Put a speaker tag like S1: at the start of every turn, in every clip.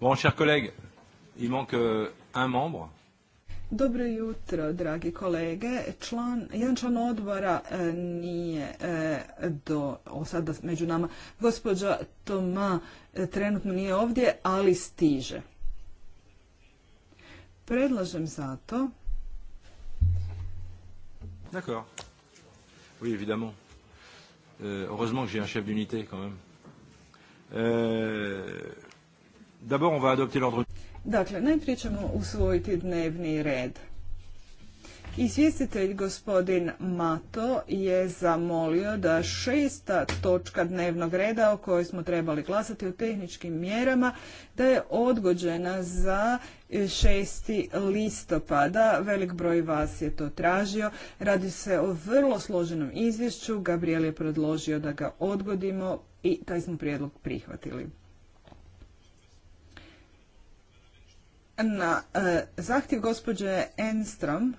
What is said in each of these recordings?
S1: Bon, chers collègues, il manque euh, un membre.
S2: Dobro jutro, dragi kolege. Član, jedan član odbora e, nije e, do o, sada među nama. Gospođa Toma e, trenutno nije ovdje, ali stiže. Predlažem zato.
S1: D'accord. Oui, évidemment. Euh, heureusement que j'ai un chef d'unité quand même. Euh, D'abord, on va
S2: Dakle, najprije ćemo usvojiti dnevni red. Izvjestitelj gospodin Mato je zamolio da šesta točka dnevnog reda o kojoj smo trebali glasati o tehničkim mjerama da je odgođena za 6. listopada. Velik broj vas je to tražio. Radi se o vrlo složenom izvješću. Gabriel je predložio da ga odgodimo i taj smo prijedlog prihvatili. Na e, zahtjev gospođe Enstrom,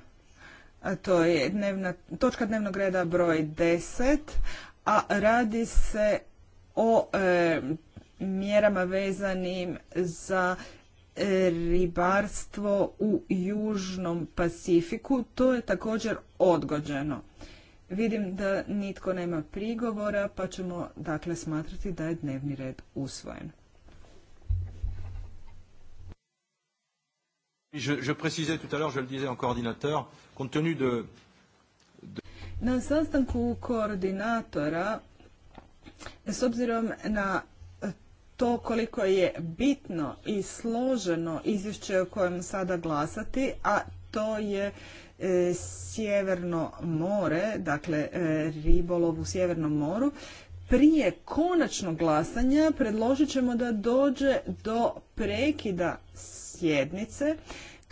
S2: a to je dnevna, točka dnevnog reda broj 10, a radi se o e, mjerama vezanim za e, ribarstvo u Južnom Pacifiku. To je također odgođeno. Vidim da nitko nema prigovora, pa ćemo dakle smatrati da je dnevni red usvojen.
S1: Je, je tout à l'heure, je le disais en coordinateur, compte tenu de...
S2: Na sastanku koordinatora, s obzirom na to koliko je bitno i složeno izvješće o kojem sada glasati, a to je e, Sjeverno more, dakle e, ribolov u Sjevernom moru, prije konačnog glasanja predložit ćemo da dođe do prekida sjednice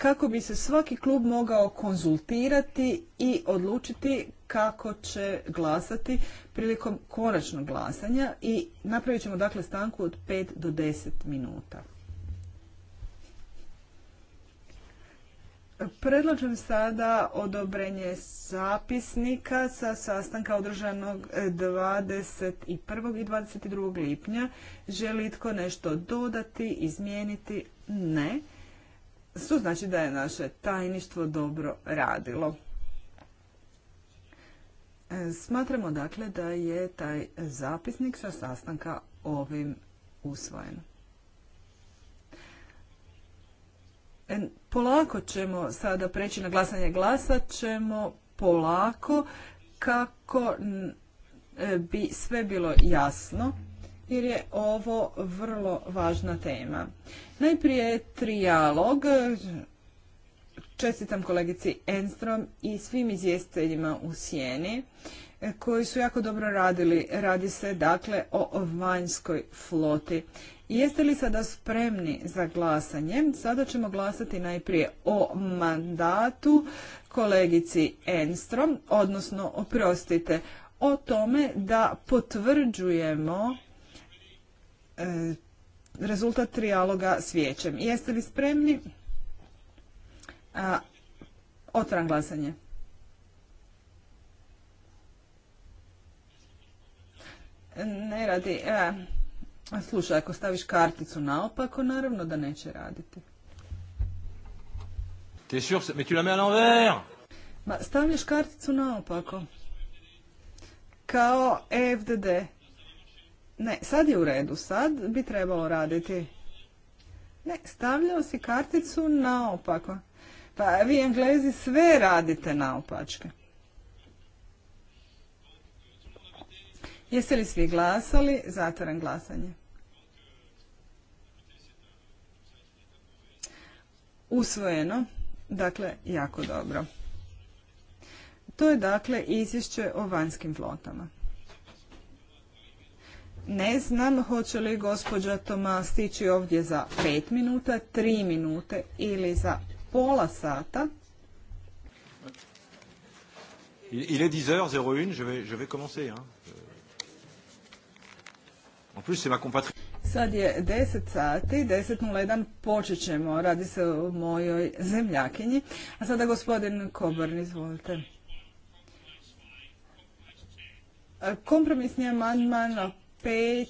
S2: kako bi se svaki klub mogao konzultirati i odlučiti kako će glasati prilikom konačnog glasanja i napravit ćemo dakle stanku od 5 do 10 minuta. Predlažem sada odobrenje zapisnika sa sastanka održanog 21. i 22. lipnja. Želi tko nešto dodati, izmijeniti? Ne što znači da je naše tajništvo dobro radilo. E, smatramo dakle da je taj zapisnik sa sastanka ovim usvojen. E, polako ćemo sada preći na glasanje glasa, ćemo polako kako e, bi sve bilo jasno jer je ovo vrlo važna tema. Najprije trijalog. Čestitam kolegici Enstrom i svim izvjestiteljima u Sjeni koji su jako dobro radili. Radi se dakle o vanjskoj floti. Jeste li sada spremni za glasanje? Sada ćemo glasati najprije o mandatu kolegici Enstrom, odnosno, oprostite, o tome da potvrđujemo E, rezultat trijaloga s vijećem. Jeste li spremni? Otvaram glasanje. Ne radi. E, slušaj, ako staviš karticu naopako, naravno da neće raditi.
S1: T'es sûr, mais tu la
S2: mets Ma, stavljaš karticu naopako. Kao e FDD. Ne, sad je u redu, sad bi trebalo raditi. Ne, stavljao si karticu naopako. Pa vi englezi sve radite naopačke. Jeste li svi glasali? Zatvaram glasanje. Usvojeno. Dakle, jako dobro. To je dakle izvješće o vanjskim flotama. Ne znam hoće li gospođa Toma stići ovdje za pet minuta, tri minute ili za pola sata.
S1: Il est 10h01, je vais, je vais commencer. Hein. Euh, en plus, c'est ma compatriote.
S2: Sad je 10 sati, 10.01 počet ćemo, radi se o mojoj zemljakinji. A sada gospodin Koborn, izvolite. Kompromisni amandman 5,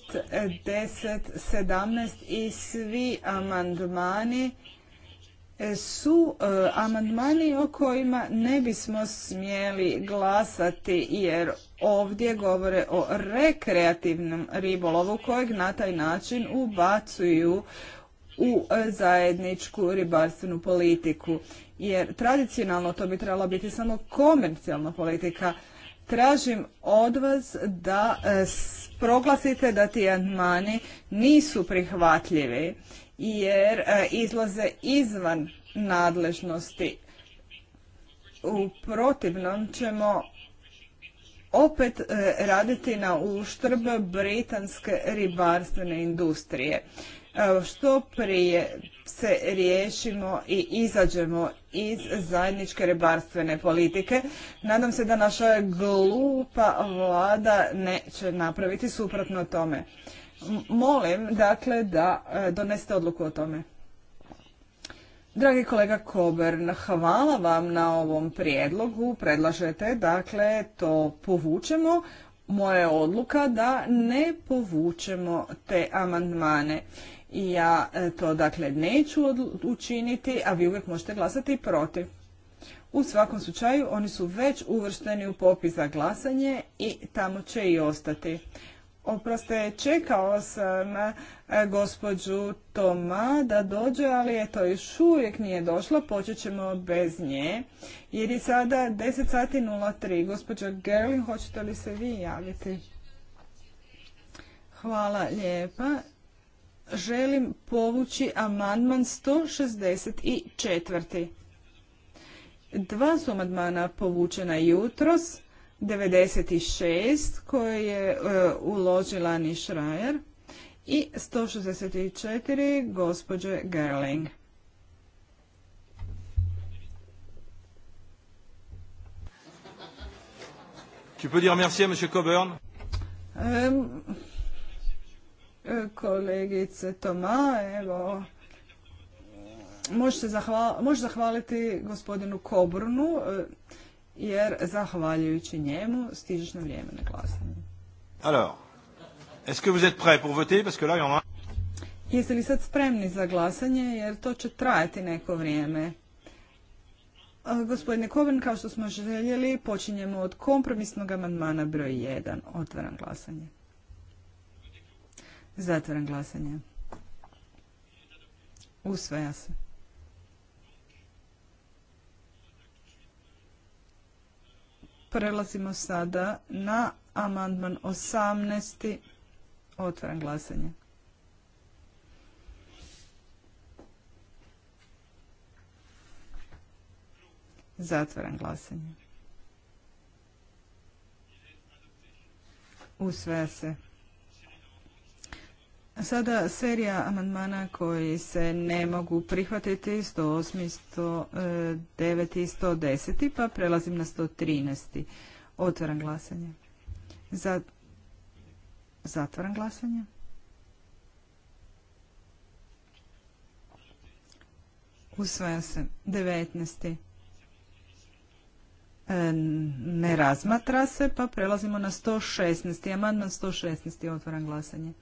S2: 10, 17 i svi amandmani su e, amandmani o kojima ne bismo smjeli glasati jer ovdje govore o rekreativnom ribolovu kojeg na taj način ubacuju u e, zajedničku ribarstvenu politiku. Jer tradicionalno to bi trebalo biti samo komercijalna politika tražim od vas da e, proglasite da ti amandmani nisu prihvatljivi jer e, izlaze izvan nadležnosti. U protivnom ćemo opet e, raditi na uštrb britanske ribarstvene industrije. Što prije se riješimo i izađemo iz zajedničke ribarstvene politike. Nadam se da naša glupa vlada neće napraviti suprotno tome. Molim, dakle, da e, doneste odluku o tome. Dragi kolega Kobern, hvala vam na ovom prijedlogu. Predlažete, dakle, to povučemo. Moja je odluka da ne povučemo te amandmane. I ja e, to dakle neću učiniti, a vi uvijek možete glasati protiv. U svakom slučaju oni su već uvršteni u popis za glasanje i tamo će i ostati. Oproste, čekao sam e, gospođu Toma da dođe, ali eto, još uvijek nije došlo. počet ćemo bez nje, jer je sada 10 sati 03. Gospođa Gerling, hoćete li se vi javiti? Hvala lijepa želim povući amandman 164. Dva su amandmana povučena jutros, 96 koje je e, uložila uložila Nišrajer i 164 gospođe Gerling.
S1: Tu peux dire merci à monsieur Coburn?
S2: Um, kolegice Toma. Evo, možete zahvaliti gospodinu Kobrunu, e, jer zahvaljujući njemu stižeš na vrijeme na glasanje.
S1: Alors, est-ce que vous êtes pour voter? Parce que là, a...
S2: Jeste li sad spremni za glasanje, jer to će trajati neko vrijeme. E, gospodine Kovan, kao što smo željeli, počinjemo od kompromisnog amandmana broj 1. Otvaram glasanje. Zatvoren glasanje. Usvaja se. Prelazimo sada na amandman 18. Otvaram glasanje. Zatvaram glasanje. Usvaja se. Sada serija amandmana koji se ne mogu prihvatiti 108, 109 i 110 pa prelazim na 113. Otvaram glasanje. Za... Zatvaram glasanje. Usvaja se 19. E, ne razmatra se pa prelazimo na 116. Amandman 116. Otvaram glasanje.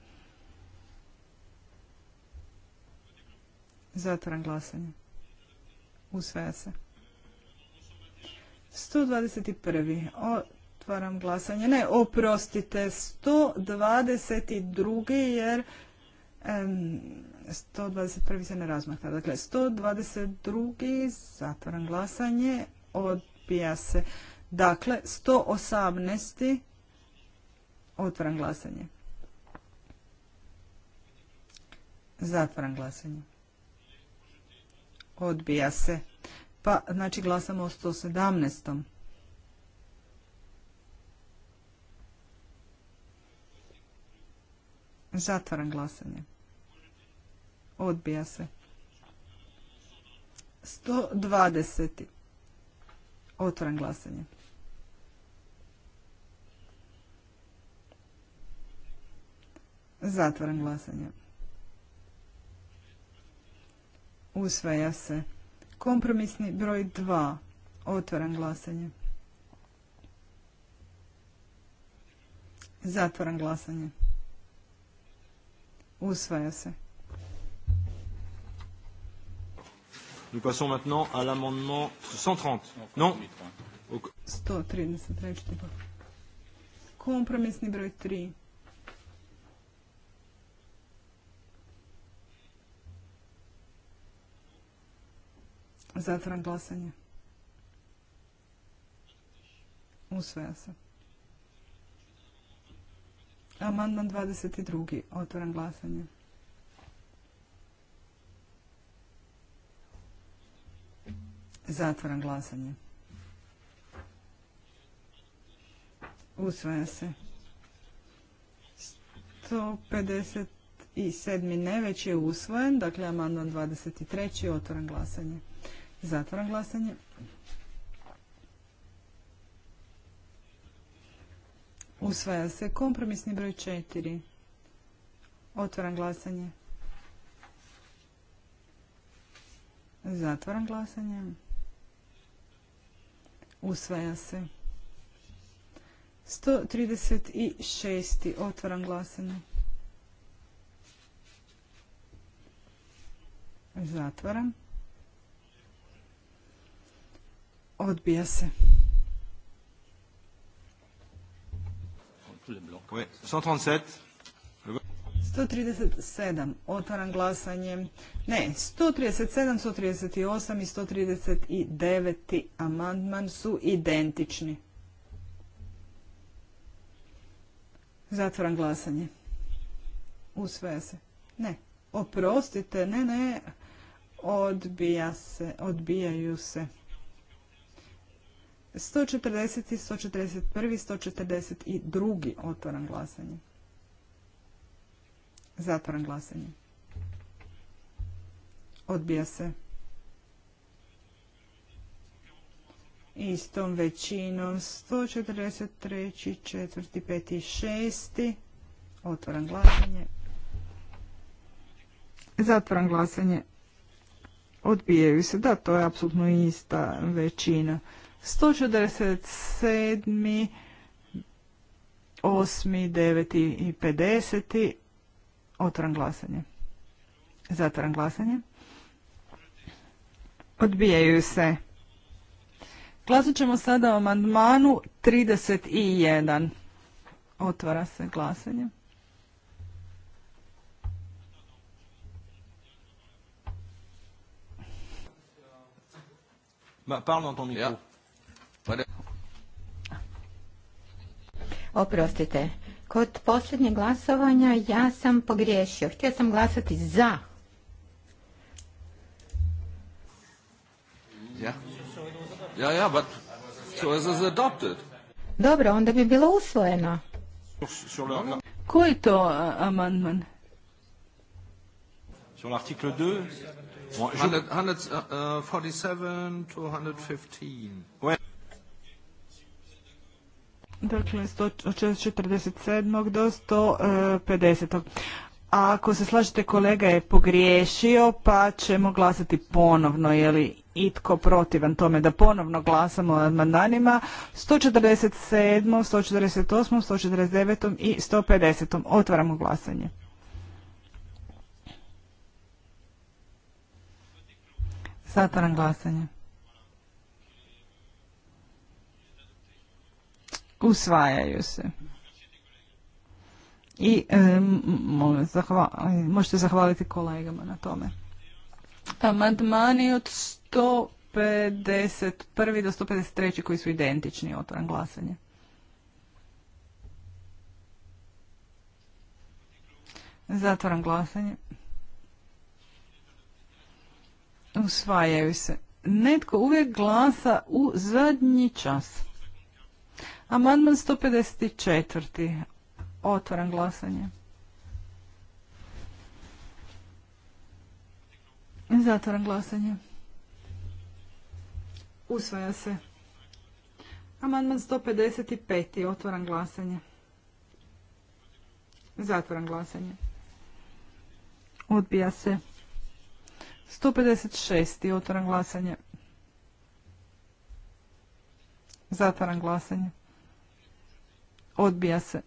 S2: Zatvaram glasanje. Usvaja se. 121. Otvaram glasanje. Ne, oprostite, 122. jer dvadeset 121. se ne razmahta. Dakle, 122. Zatvaram glasanje. Odbija se. Dakle, 118. Otvaram glasanje. Zatvaram glasanje odbija se. Pa, znači glasamo o 117. Zatvaram glasanje. Odbija se. 120. Otvaram glasanje. Zatvaram glasanje. Usvaja se. Kompromisni broj 2. Otvoran glasanje. Zatvoran glasanje. Usvaja se.
S1: Nous passons maintenant à l'amendement 130. Non
S2: 133. Pa. Kompromisni broj 3. Zatvaram glasanje. Usvaja se. Amandman 22. Otvoram glasanje. Zatvoram glasanje. Usvaja se. 157. Neveć je usvojen, dakle amandman 23. Otvoram glasanje. Zatvaram glasanje. Usvaja se kompromisni broj 4. Otvaram glasanje. Zatvaram glasanje. Usvaja se. 136. Otvaram glasanje. Zatvaram. Odbija se. 137. 137. Otvaram glasanje. Ne, 137, 138 i 139. amandman su identični. Zatvaram glasanje. Usvaja se. Ne. Oprostite, ne, ne. Odbija se. Odbijaju se. 140, i 141, 142. otvoran glasanje. Zatvoran glasanje. Odbija se. Istom većinom 143, 4, 5 i 6. Otvoran glasanje. Zatvoran glasanje. Odbijaju se. Da, to je apsolutno ista većina. 147. 8. 9. i 50. Otvoram glasanje. Zatvoram glasanje. Odbijaju se. Glasat ćemo sada o amandmanu 31. Otvara se glasanje. Ma, parle dans ton micro.
S3: Oprostite, kod posljednjeg glasovanja ja sam pogriješio. Htio sam glasati za.
S1: Ja, ja, ja, but so is it adopted.
S3: Dobro, onda bi bilo usvojeno.
S2: Koji je to amandman?
S1: Sur l'article 2 147 uh, uh, to 115
S2: dakle od 147. do 150. E, A ako se slažete, kolega je pogriješio, pa ćemo glasati ponovno, je li itko protivan tome da ponovno glasamo o amandmanima 147., 148., 149. i 150. Otvaramo glasanje. Zatvaram glasanje. usvajaju se. I e, možete zahvaliti kolegama na tome. Amandmani od 151. do 153. koji su identični, otvoran glasanje. Zatvaram glasanje. Usvajaju se. Netko uvijek glasa u zadnji čas. Amandman 154. Otvaram glasanje. Zatvaram glasanje. Usvaja se. Amandman 155. Otvaram glasanje. Zatvoran glasanje. Odbija se. 156. Otvaram glasanje. Zatvaram glasanje. Odbija se.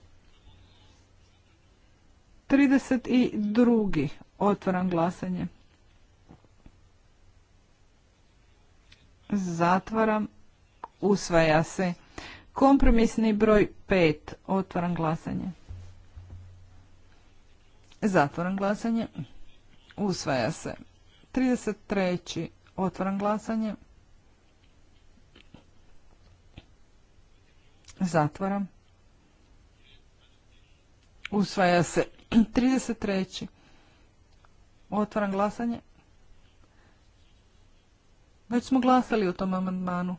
S2: 32. Otvaram glasanje. Zatvaram. Usvaja se. Kompromisni broj 5. Otvaram glasanje. Zatvoram glasanje. Usvaja se. 33. Otvaram glasanje. Zatvaram. Usvaja se. 33. Otvaram glasanje. Već smo glasali o tom amandmanu.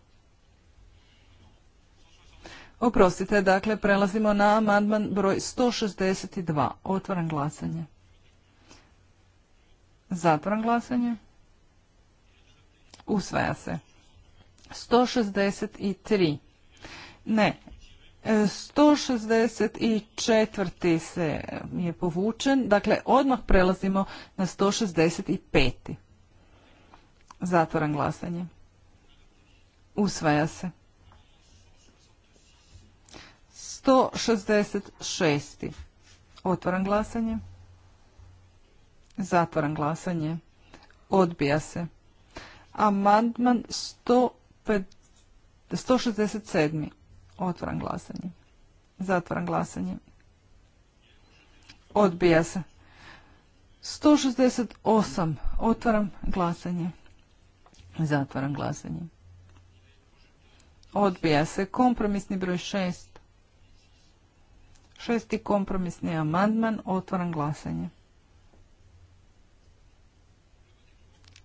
S2: Oprostite, dakle, prelazimo na amandman broj 162. Otvaram glasanje. Zatvaram glasanje. Usvaja se. 163. Ne, 164. se je povučen, dakle odmah prelazimo na 165. Zatvoran glasanje. Usvaja se. 166. Otvoran glasanje. Zatvoran glasanje. Odbija se. Amandman 167. Otvaram glasanje. Zatvaram glasanje. Odbija se. 168. Otvaram glasanje. Zatvaram glasanje. Odbija se. Kompromisni broj 6. Šesti kompromisni amandman. Otvaram glasanje.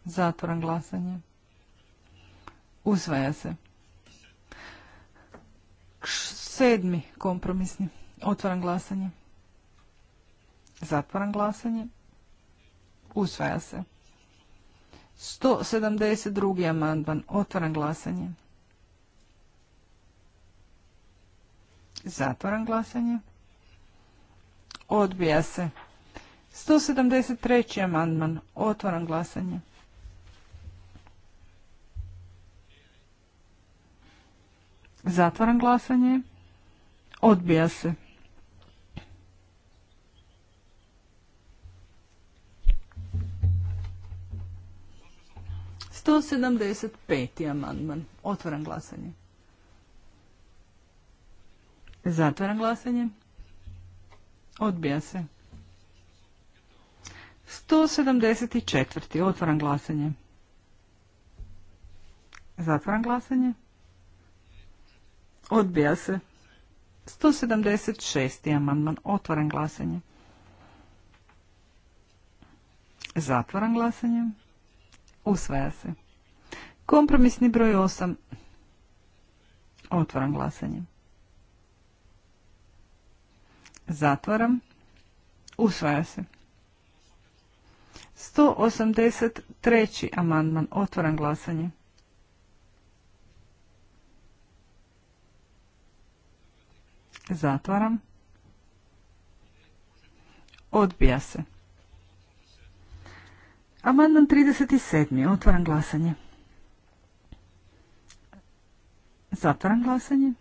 S2: Zatvaram glasanje. Usvaja se. Sedmi kompromisni. Otvaram glasanje. Zatvaram glasanje. Usvaja se. 172. amandman. Otvaram glasanje. Zatvaram glasanje. Odbija se. 173. amandman. Otvaram glasanje. Zatvaram glasanje. Odbija se. Sto sedamdeset pet amandman. Otvaram glasanje. Zatvaram glasanje. Odbija se. sto 174. Otvaram glasanje. Zatvaram glasanje. Odbija se. 176. amandman. Otvoren glasanje. Zatvoran glasanje. Usvaja se. Kompromisni broj 8. Otvoran glasanje. Zatvaram. Usvaja se. 183. amandman. Otvoran glasanje. Zatvaram. Odbija se. Amandman 37. Otvaram glasanje. Zatvaram glasanje.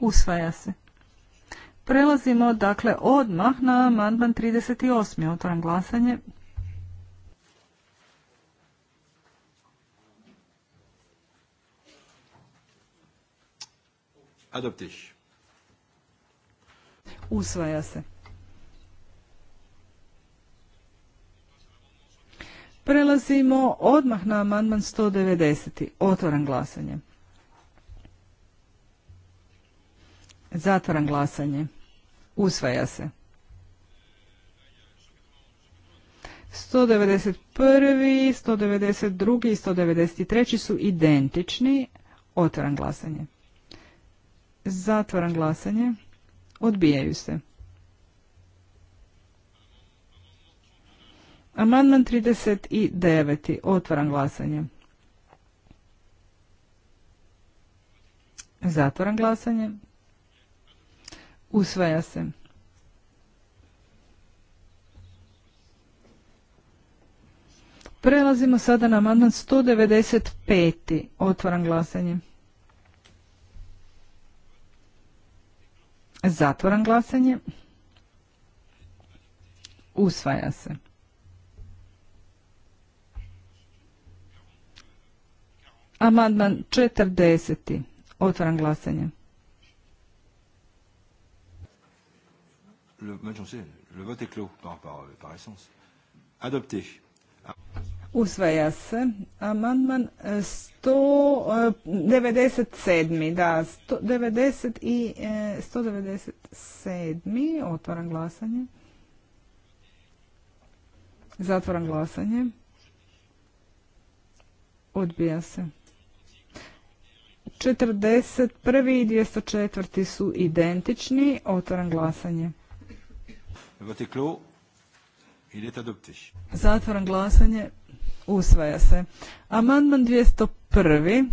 S2: Usvaja se. Prelazimo dakle odmah na amandman 38. Otvaram glasanje. Adoptiš. Usvaja se. Prelazimo odmah na amandman 190. Otvoran glasanje. Zatvoran glasanje. Usvaja se. 191. 192. i 193. su identični. Otvoran glasanje. Zatvaram glasanje. Odbijaju se. Amandman 39. Otvaram glasanje. Zatvaram glasanje. Usvaja se. Prelazimo sada na amandman 195. Otvaram glasanje. Zatvoram glasanje. Usvaja se. Amandman 40. Otvaram glasanje.
S1: Le, le vote est clos par, par, par essence. Adopté.
S2: Usvaja se amandman 197. E, e, da, 190 i 197. E, otvaram glasanje. Zatvaram glasanje. Odbija se. 41. i 204. su identični. Otvaram glasanje. Zatvaram glasanje. Usvaja se. Amandman 201.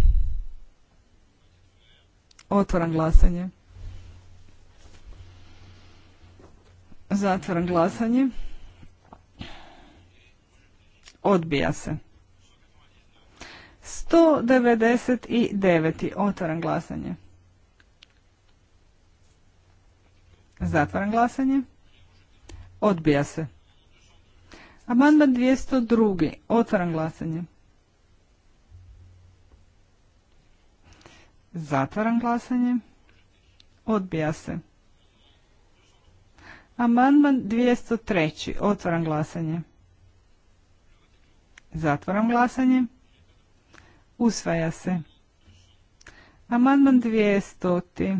S2: Otvoram glasanje. Zatvoram glasanje. Odbija se. 199. Otvoram glasanje. Zatvoram glasanje. Odbija se. Amandman 202. Otvaram glasanje. Zatvaram glasanje. Odbija se. Amandman 203. Otvaram glasanje. Zatvaram glasanje. Usvaja se. Amandman 200.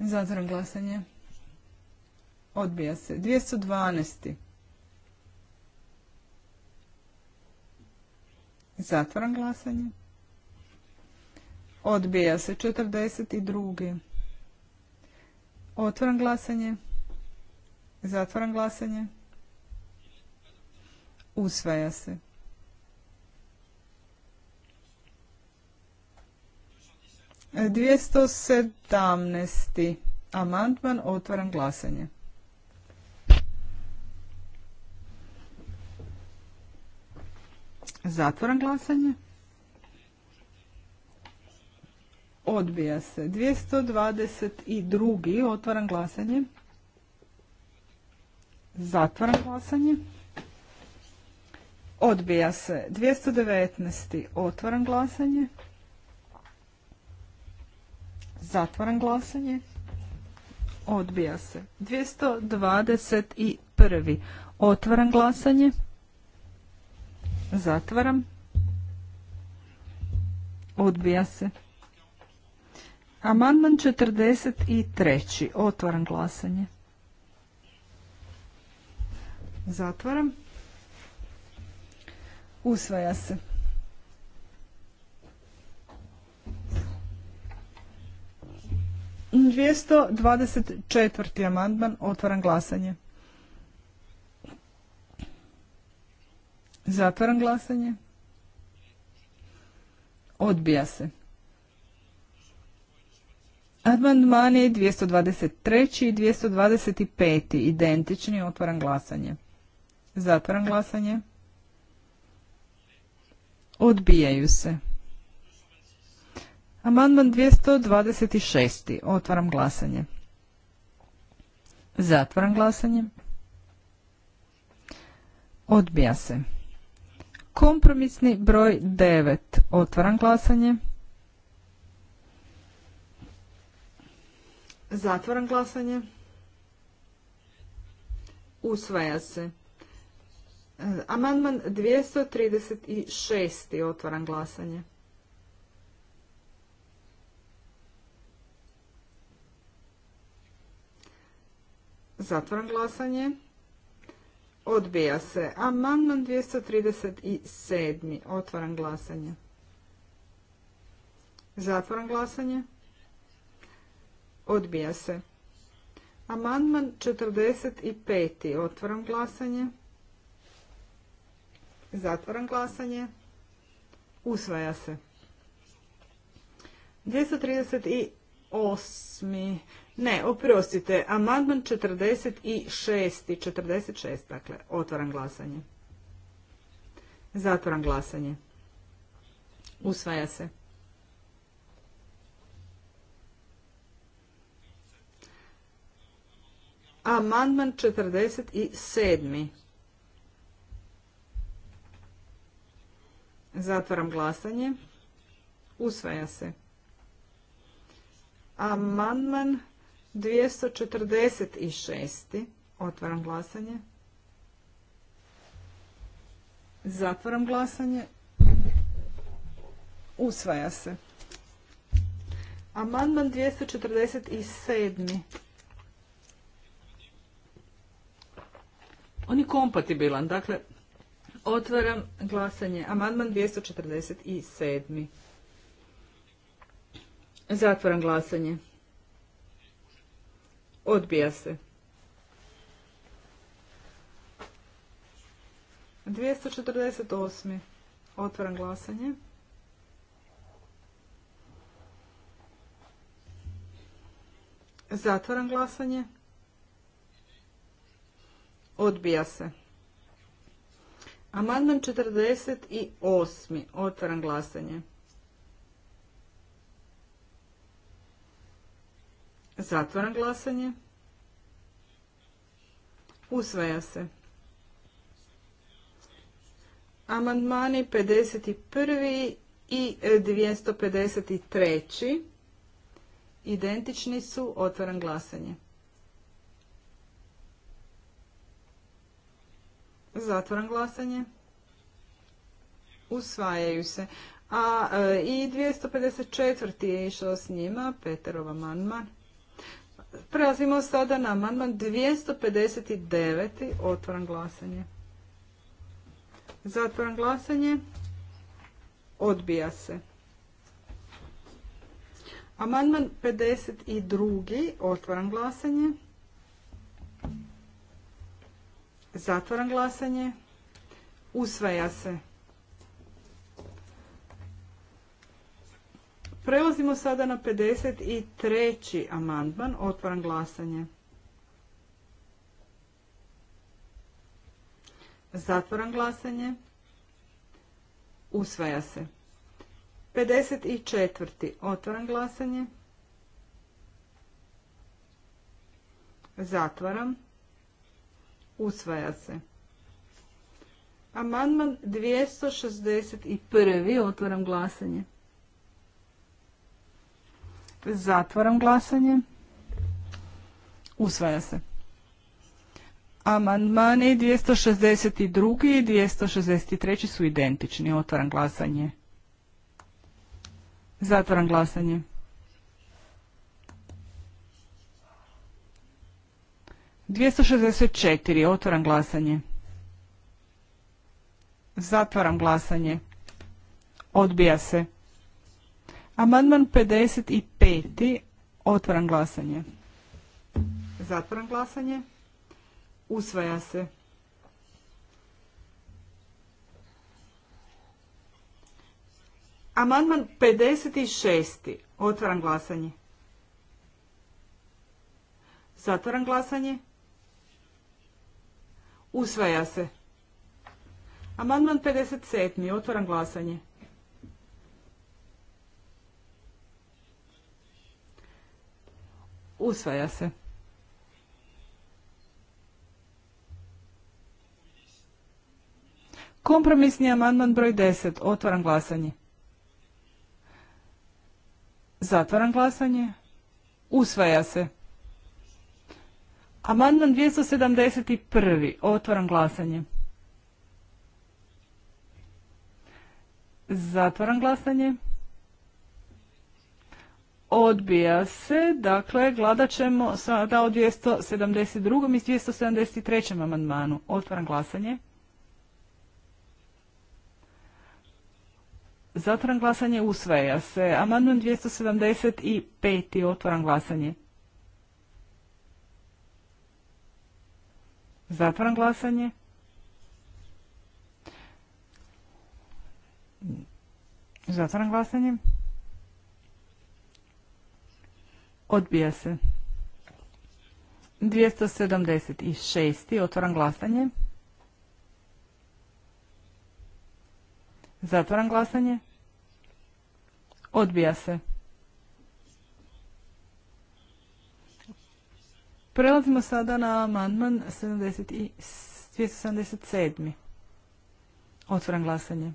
S2: Zatvoram glasanje. Odbija se. 212. Zatvoran glasanje. Odbija se. 42. otvoram glasanje. zatvoran glasanje. Usvaja se. 217. amandman otvaram glasanje. zatvoram glasanje. Odbija se. 222. Otvaram glasanje. Zatvaram glasanje. Odbija se. 219. Otvaram glasanje. Zatvaram glasanje. Odbija se. 221. Otvaram glasanje. Zatvaram. Odbija se. Amandman 43. Otvaram glasanje. Zatvaram. Usvaja se. 224. amandman, otvaram glasanje. Zatvaram glasanje. Odbija se. Amandman Amandmani 223. i 225. identični, otvaram glasanje. Zatvaram glasanje. Odbijaju se. Amandman 226. Otvaram glasanje. Zatvaram glasanje. Odbija se. Kompromisni broj 9. Otvaram glasanje. Zatvaram glasanje. Usvaja se. E, amandman 236. Otvaram glasanje. Zatvoram glasanje. Odbija se. Amandman 237. Otvaram glasanje. Zatvoram glasanje. Odbija se. Amandman 45. Otvaram glasanje. Zatvaram glasanje. Usvaja se. 238. Ne, oprostite, amandman 46. 46, dakle, otvaram glasanje. Zatvaram glasanje. Usvaja se. Amandman 47. Zatvaram glasanje. Usvaja se. Amandman 246. Otvaram glasanje. Zatvaram glasanje. Usvaja se. Amandman 247. On je kompatibilan, dakle, otvaram glasanje. Amandman 247. Zatvaram glasanje. Odbija se. 248. Otvaram glasanje. Zatvaram glasanje. Odbija se. Amandman 48. Otvaram glasanje. Zatvaram glasanje. Usvaja se. Amandmani 51. i 253. Identični su. Otvaram glasanje. Zatvaram glasanje. Usvajaju se. A e, i 254. je išao s njima. Peterov amandman. Prelazimo sada na amandman 259. Otvoram glasanje. Zatvoram glasanje. Odbija se. Amandman 52. Otvoram glasanje. Zatvoram glasanje. Usvaja se. Prelazimo sada na 53. amandman. Otvaram glasanje. Zatvaram glasanje. Usvaja se. 54. Otvaram glasanje. Zatvaram. Usvaja se. Amandman 261. Otvaram glasanje. Zatvaram glasanje. Usvaja se. Amandmani 262. i 263. su identični. Otvaram glasanje. Zatvaram glasanje. Dvjesto šezdeset četiri. Otvaram glasanje. Zatvaram glasanje. Odbija se. Amandman 55. Otvaram glasanje. Zatvaram glasanje. Usvaja se. Amandman 56. Otvaram glasanje. Zatvaram glasanje. Usvaja se. Amandman 57. Otvaram glasanje. Usvaja se. Kompromisni amandman broj 10. Otvaram glasanje. Zatvaram glasanje. Usvaja se. Amandman 271. Otvaram glasanje. Zatvaram glasanje. Odbija se, dakle, gledat ćemo sada o 272. i 273. amandmanu. Otvaram glasanje. zatvoram glasanje, usvaja se. Amandman 275. Otvaram glasanje. Zatvaram glasanje. zatvoram glasanje. Odbija se. 276. Otvoram glasanje. Zatvoram glasanje. Odbija se. Prelazimo sada na amandman 277. Otvoram glasanje.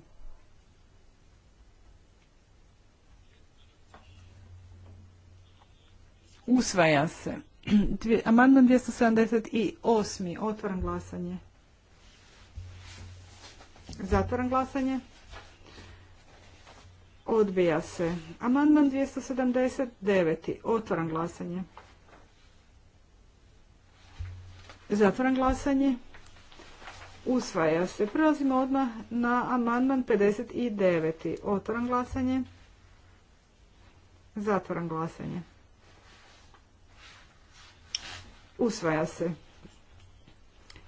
S2: Usvaja se. Amandman 278. Otvoran glasanje. Zatvoran glasanje. Odbija se. Amandman 279. Otvoram glasanje. Zatvoran glasanje. Usvaja se. Prelazimo odmah na amandman 59. Otvoram glasanje. Zatvoran glasanje. Usvaja se.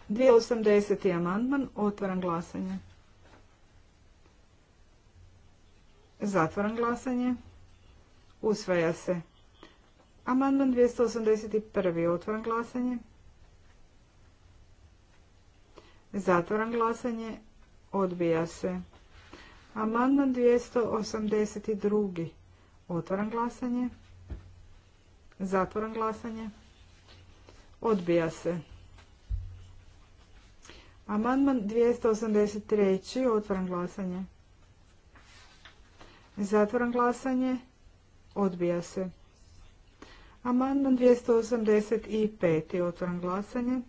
S2: 280. amandman. Otvaram glasanje. Zatvaram glasanje. Usvaja se. Amandman 281. Otvaram glasanje. Zatvaram glasanje. Odbija se. Amandman 282. Otvaram glasanje. Zatvaram glasanje. Odbija se. Amandman 283. Otvaram glasanje. Zatvaram glasanje. Odbija se. Amandman 285. Otvaram glasanje.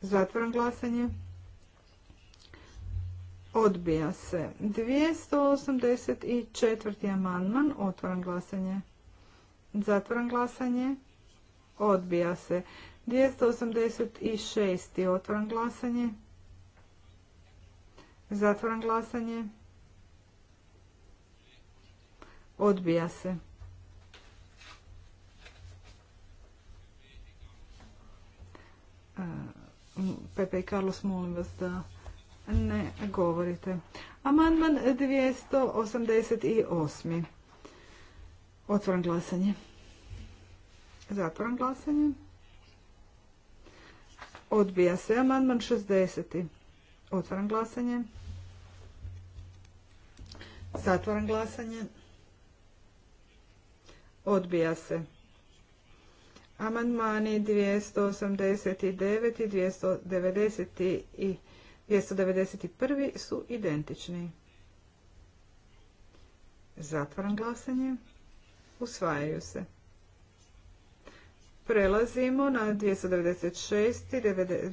S2: Zatvaram glasanje. Odbija se. 284. amandman. Otvaram glasanje. Zatvaram glasanje. Odbija se. 286. Otvoran glasanje. Zatvoran glasanje. Odbija se. E, Pepe i Carlos, molim vas da ne govorite. Amandman 288. Otvoran glasanje. Zatvoram glasanje. Odbija se amandman 60. Otvaram glasanje. Zatvaram glasanje. Odbija se. Amandmani 289 i i 291 su identični. Zatvaram glasanje. Usvajaju se. Prelazimo na 296, 297,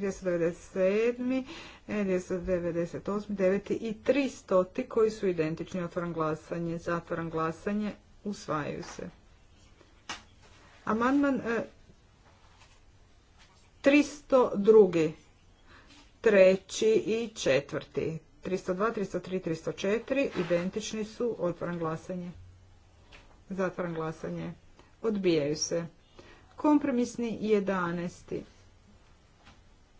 S2: 298, 9 i 300 koji su identični. Otvoran glasanje, zatvoran glasanje, usvajaju se. Amandman 302. E, Treći i četvrti. 302, 303, 304 identični su. Otvoran glasanje, zatvoran glasanje, odbijaju se. Kompromisni 11.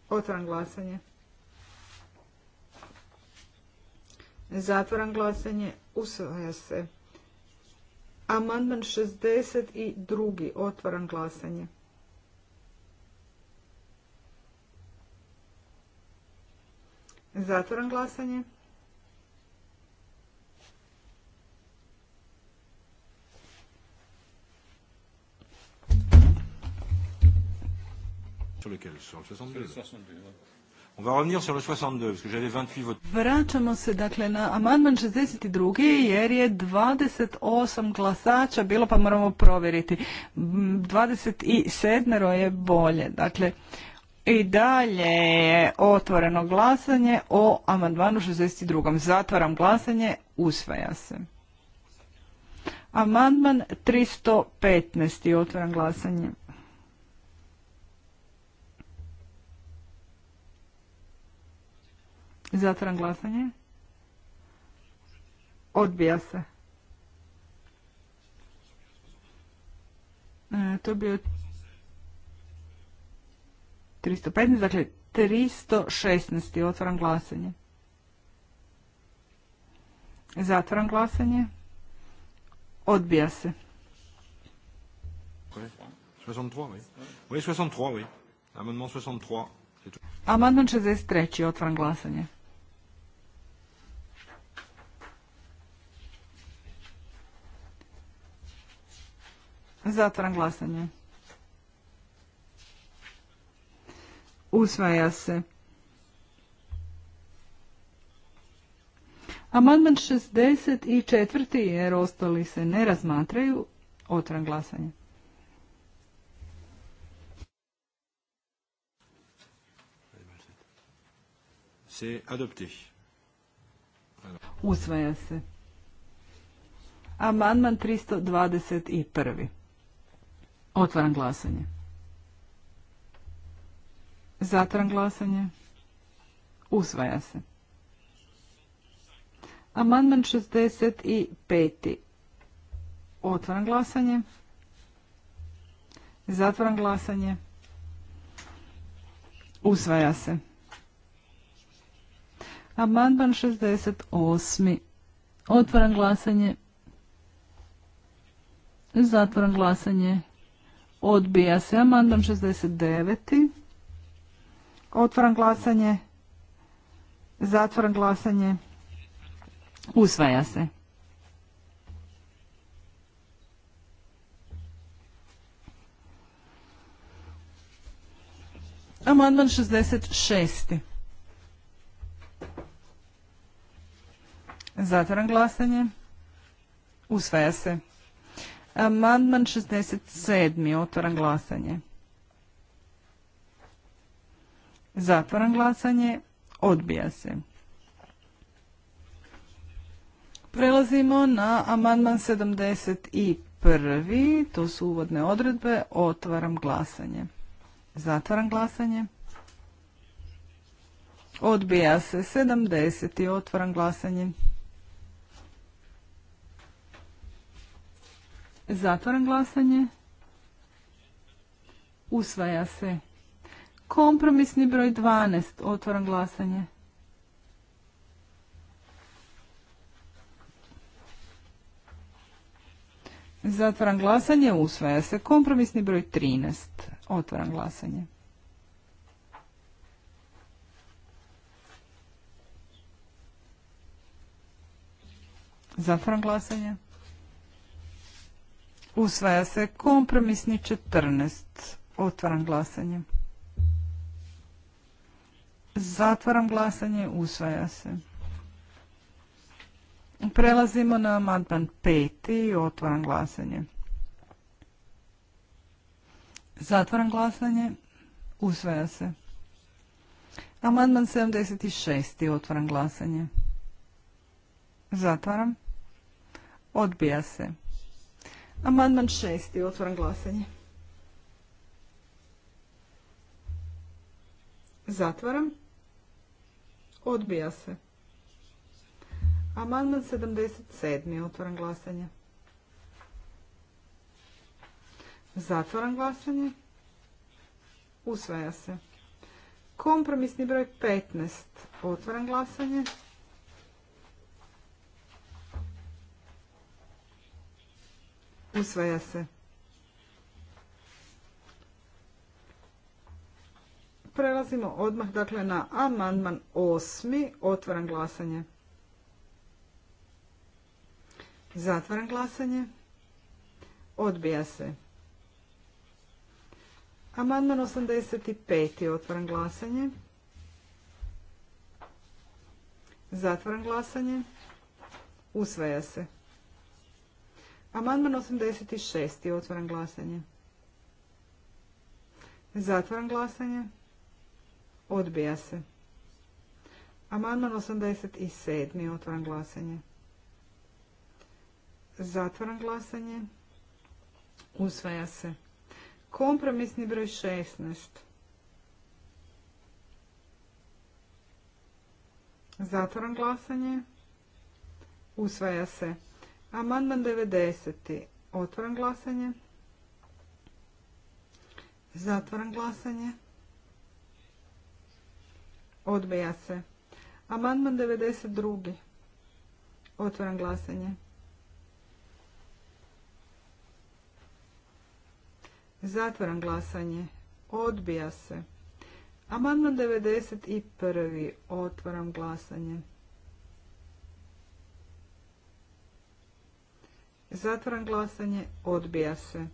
S2: Otvaram glasanje. Zatvaram glasanje. Usvaja se. Amandman 62. Otvaram glasanje. Zatvaram glasanje.
S1: sur lequel Sur le 62. Le 62 ouais. On va revenir sur le 62, parce que j'avais 28 votes.
S2: Vraćamo se dakle na amandman 62. jer je 28 glasača bilo, pa moramo provjeriti. 27 je bolje. Dakle, i dalje je otvoreno glasanje o amandmanu 62. Zatvaram glasanje, usvaja se. Amandman 315. Otvoram glasanje. Zatvaram glasanje. Odbija se. E, to bi bio 315, dakle 316. Otvaram glasanje. Zatvaram glasanje. Odbija se.
S1: 63, oui. Oui, 63, oui. Amendement 63.
S2: Amandman 63. Otvaram glasanje. Zatvaram glasanje. Usvaja se. Amandman 64. jer ostali se ne razmatraju. Otvaram glasanje. Usvaja se. Amandman 321. Otvaram glasanje. Zatvaram glasanje. Usvaja se. Amandman 65. Otvaram glasanje. Zatvaram glasanje. Usvaja se. Amandman 68. Otvaram glasanje. Zatvaram glasanje. Odbija se amandman 69. Otvaram glasanje. Zatvaram glasanje. Usvaja se. Amandman 66. Zatvaram glasanje. Usvaja se. Amandman 67. otvaram glasanje. zatvaram glasanje. Odbija se. Prelazimo na amandman 71. To su uvodne odredbe. Otvaram glasanje. Zatvaram glasanje. Odbija se 70. Otvaram glasanje. Zatvaram glasanje. Usvaja se. Kompromisni broj 12. Otvaram glasanje. Zatvaram glasanje. Usvaja se. Kompromisni broj 13. Otvaram glasanje. Zatvaram glasanje. Usvaja se kompromisni 14. Otvaram glasanje. Zatvaram glasanje. Usvaja se. Prelazimo na amandman 5. Otvaram glasanje. Zatvaram glasanje. Usvaja se. Amandman 76. Otvaram glasanje. Zatvaram. Odbija se. Amandman šesti, otvoram glasanje. Zatvaram. Odbija se. Amandman 77. Otvoram glasanje. Zatvoram glasanje. Usvaja se. Kompromisni broj 15. Otvoram glasanje. Usvaja se. Prelazimo odmah dakle na amandman 8. Otvaram glasanje. Zatvaram glasanje. Odbija se. Amandman 85. Otvaram glasanje. Zatvaram glasanje. Usvaja se. Amandman 86. Otvoram glasanje. Zatvoram glasanje. Odbija se. Amandman 87. Otvoram glasanje. Zatvoram glasanje. Usvaja se. Kompromisni broj 16. Zatvoram glasanje. Usvaja se. Amandman 90. Otvoram glasanje. Zatvoram glasanje. Odbija se. Amandman 92. Otvoram glasanje. Zatvoram glasanje. Odbija se. Amandman 91. Otvoram glasanje. Zatvoran glasanje. Odbija se.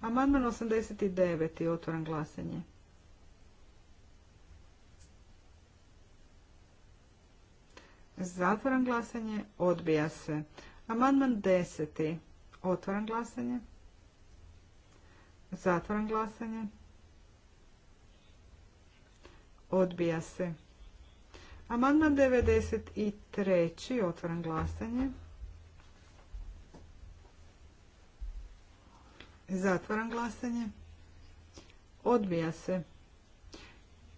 S2: Amandman 89. Otvoran glasanje. Zatvoran glasanje. Odbija se. Amandman 10. Otvoran glasanje. Zatvoran glasanje. Odbija se. Amandman 93. Otvoran glasanje. Zatvaram glasanje. Odbija se.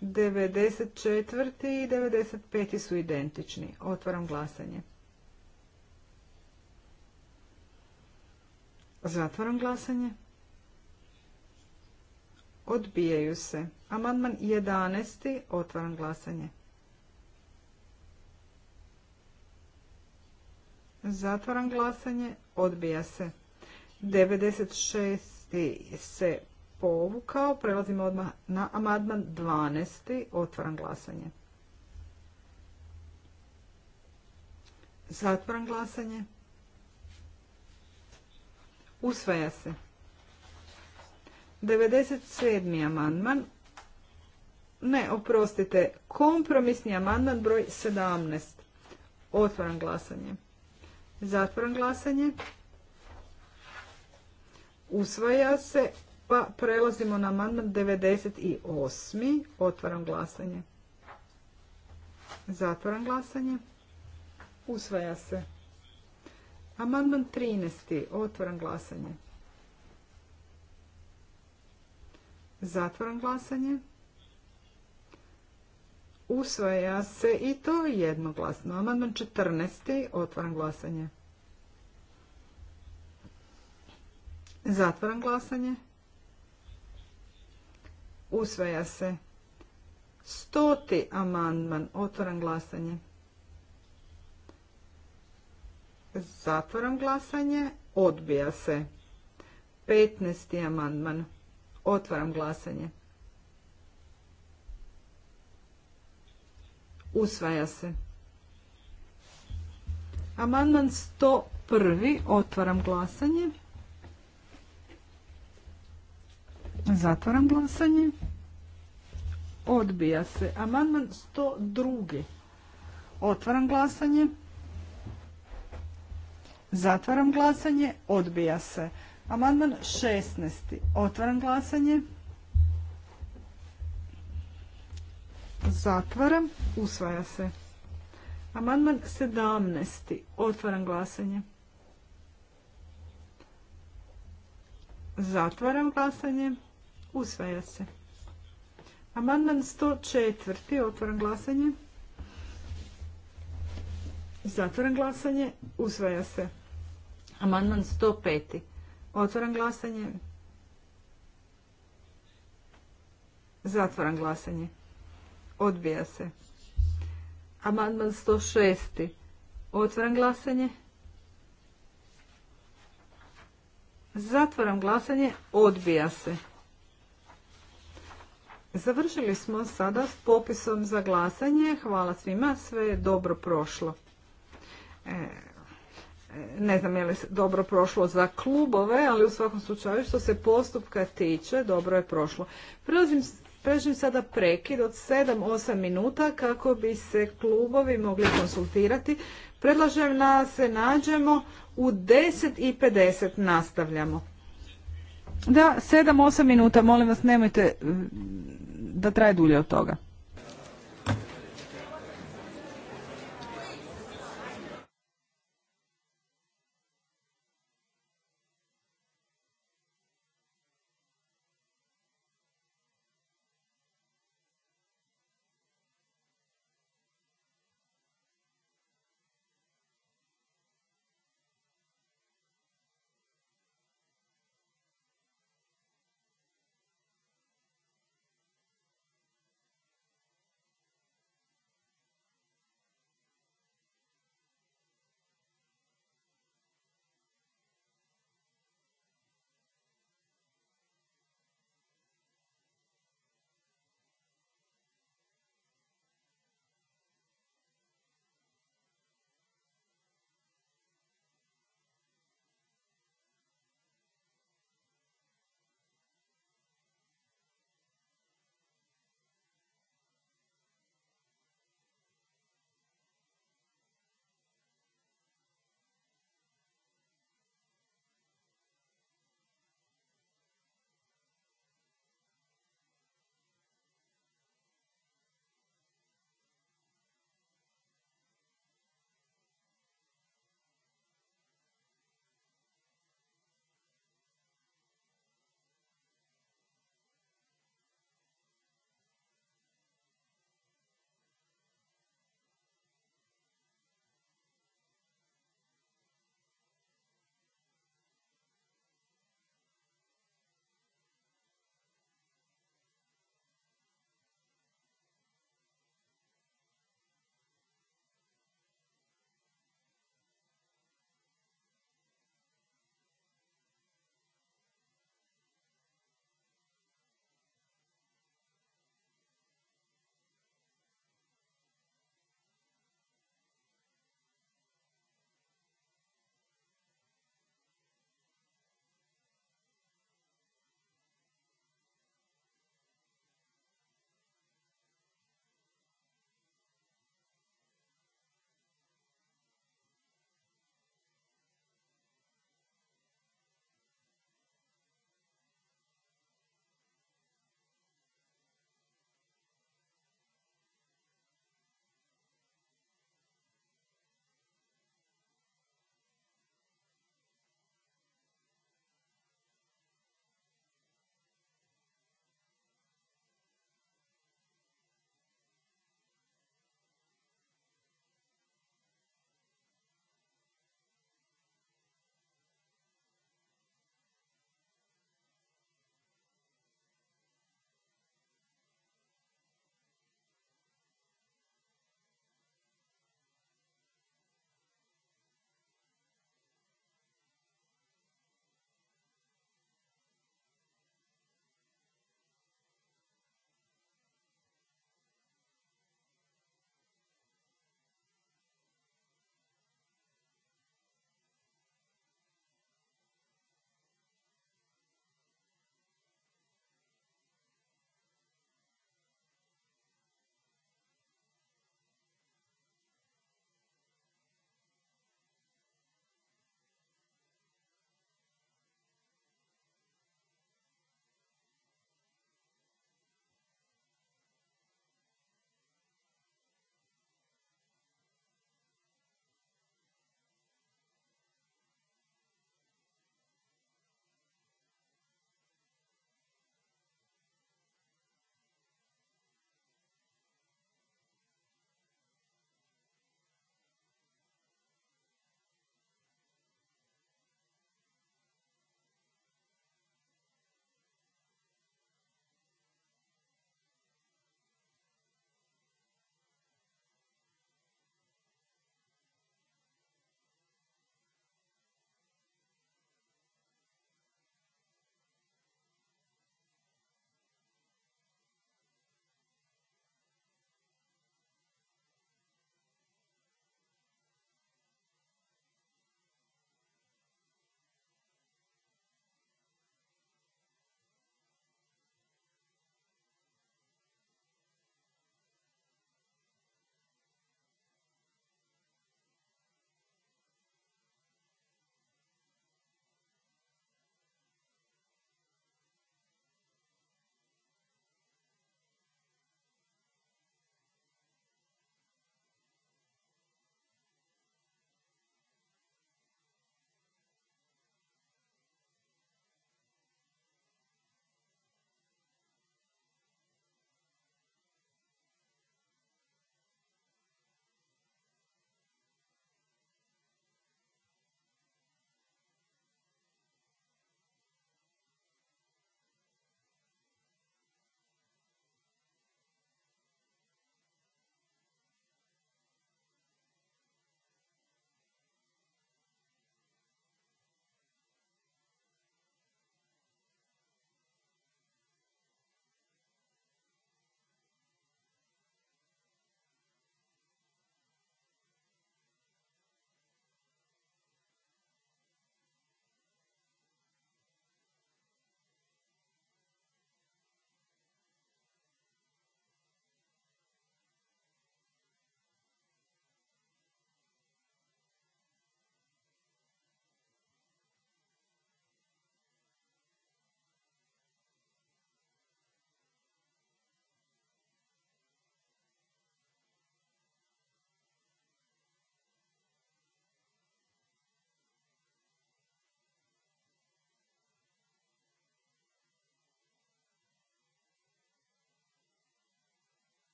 S2: 94. i 95. su identični. Otvaram glasanje. Zatvaram glasanje. Odbijaju se. Amandman 11. Otvaram glasanje. Zatvaram glasanje. Odbija se. 96. se povukao. Prelazimo odmah na amandman 12. Otvaram glasanje. Zatvaram glasanje. Usvaja se. 97. amandman. Ne, oprostite. Kompromisni amandman broj 17. Otvaram glasanje. Zatvaram glasanje. Usvaja se, pa prelazimo na amandman 98. Otvaram glasanje. Zatvaram glasanje. Usvaja se. Amandman 13. Otvaram glasanje. Zatvaram glasanje. Usvaja se i to jednoglasno. Amandman 14. Otvaram glasanje. Zatvaram glasanje. Usvaja se. Stoti amandman. Otvaram glasanje. Zatvaram glasanje. Odbija se. 15. amandman. Otvaram glasanje. Usvaja se. Amandman 101. Otvaram glasanje. Zatvaram glasanje. Odbija se. Amandman 102. Otvaram glasanje. Zatvaram glasanje. Odbija se. Amandman 16. Otvaram glasanje. Zatvaram. Usvaja se. Amandman 17. Otvaram glasanje. Zatvaram glasanje. Usvaja se. Amandman 104. Otvoram glasanje. Zatvoram glasanje. Usvaja se. Amandman 105. Otvoram glasanje. Zatvoram glasanje. Odbija se. Amandman 106. Otvoram glasanje. Zatvoram glasanje. Odbija se. Završili smo sada s popisom za glasanje. Hvala svima, sve je dobro prošlo. E, ne znam je li dobro prošlo za klubove, ali u svakom slučaju što se postupka tiče, dobro je prošlo. Prežim sada prekid od 7-8 minuta kako bi se klubovi mogli konsultirati. Predlažem da se nađemo u 10.50 nastavljamo. Da, 7-8 minuta, molim vas, nemojte mm, da traje dulje od toga.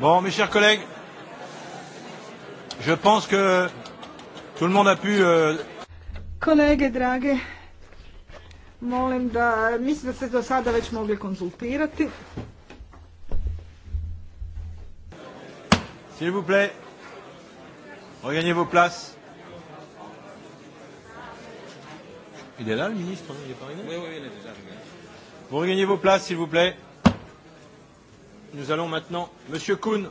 S1: Bon, mes chers collègues, je pense que tout le monde a pu... Euh...
S2: Kolege, drage, molim da, mislim da ste do sada već mogli konzultirati.
S1: S'il vous plaît, regagnez vos places. Il est là, le ministre, il est pas arrivé Oui, oui, il est déjà arrivé. Vous regagnez vos places, s'il vous plaît. Nous allons maintenant, Monsieur Kuhn.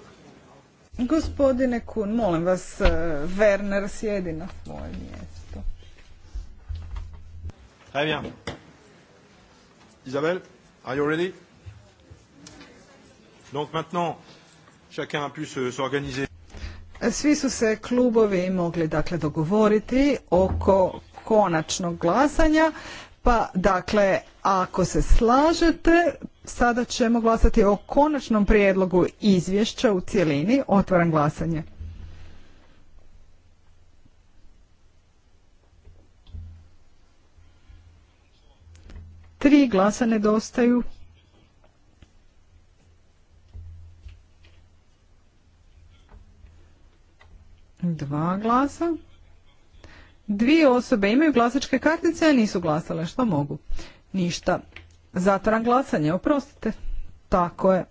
S2: Gospodine Kuhn, molim vas, eh, Werner sjedi na svoje mjesto.
S1: Très bien. Isabelle, are you ready? Donc maintenant, chacun a pu s'organiser.
S2: Eh, svi su se klubovi mogli dakle dogovoriti oko konačnog glasanja, pa dakle ako se slažete Sada ćemo glasati o konačnom prijedlogu izvješća u cjelini. Otvaram glasanje. Tri glasa nedostaju. Dva glasa. Dvije osobe imaju glasačke kartice, a nisu glasale. Što mogu? Ništa. Zatvaram glasanje, oprostite. Tako je.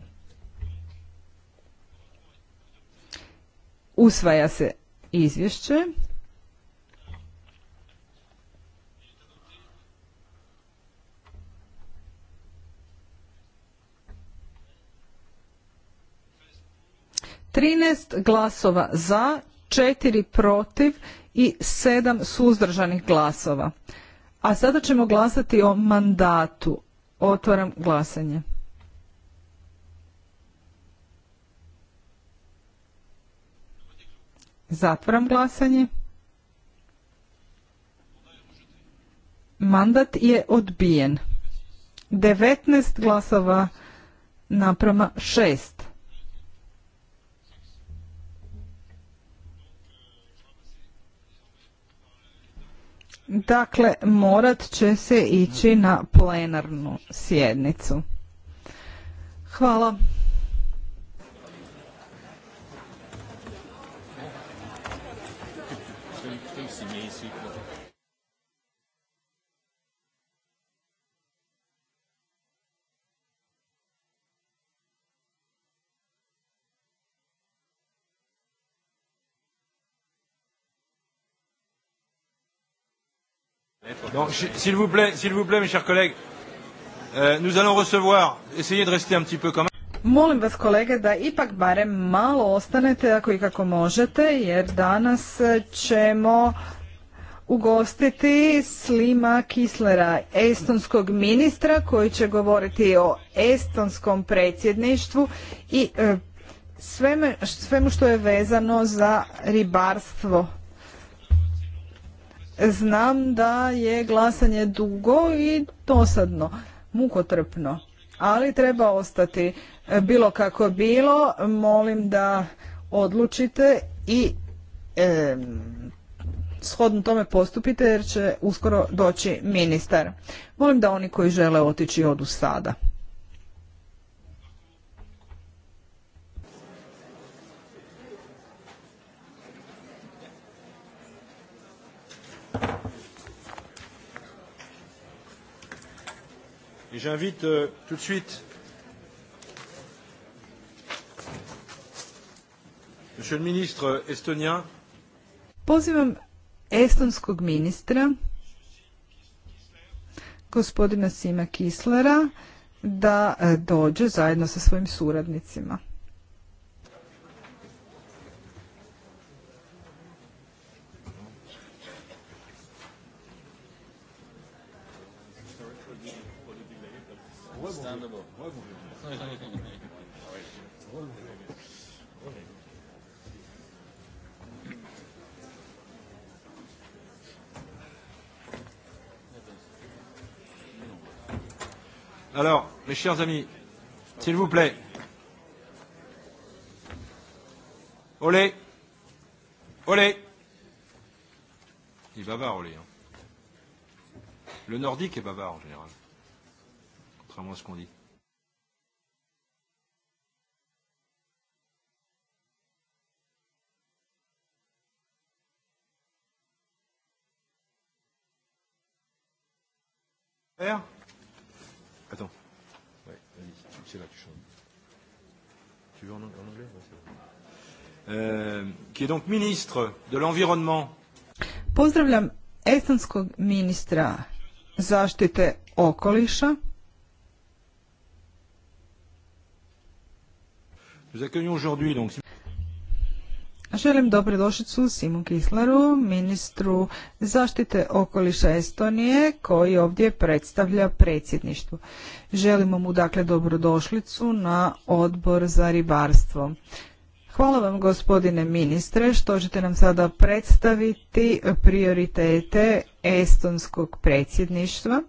S2: Usvaja se izvješće. Trinaest glasova za, četiri protiv i sedam suzdržanih glasova. A sada ćemo glasati o mandatu Otvaram glasanje. Zatvaram glasanje. Mandat je odbijen. 19 glasova naprama 6. Dakle, morat će se ići na plenarnu sjednicu. Hvala.
S1: Donc, s'il vous plaît, s'il vous plaît, mes chers collègues, euh, nous allons recevoir. Essayez de rester un petit peu quand
S2: Molim vas kolege da ipak barem malo ostanete ako i kako možete jer danas e, ćemo ugostiti Slima Kislera, estonskog ministra koji će govoriti o estonskom predsjedništvu i e, svemu što je vezano za ribarstvo. Znam da je glasanje dugo i dosadno, mukotrpno, ali treba ostati. Bilo kako bilo, molim da odlučite i shodno tome postupite jer će uskoro doći ministar. Molim da oni koji žele otići odu sada.
S1: Et j'invite euh, Monsieur le ministre estonien.
S2: Pozivam estonskog ministra gospodina Sima Kislera da e, dođe zajedno sa svojim suradnicima.
S1: Alors, mes chers amis, s'il vous plaît. Olé Olé Il est bavard, Olé. Hein. Le nordique est bavard, en général. Contrairement à ce qu'on dit. Yeah. Attends. Ouais, vas-y, c'est là que tu chantes. Tu veux en, anglais ouais, bon. euh, Qui est donc ministre de
S2: l'Environnement. Pozdravljam estonskog ministra zaštite okoliša.
S1: Nous accueillons aujourd'hui donc
S2: Želim dobrodošlicu Simu Kislaru, ministru zaštite okoliša Estonije, koji ovdje predstavlja predsjedništvo. Želimo mu dakle dobrodošlicu na odbor za ribarstvo. Hvala vam gospodine ministre što ćete nam sada predstaviti prioritete estonskog predsjedništva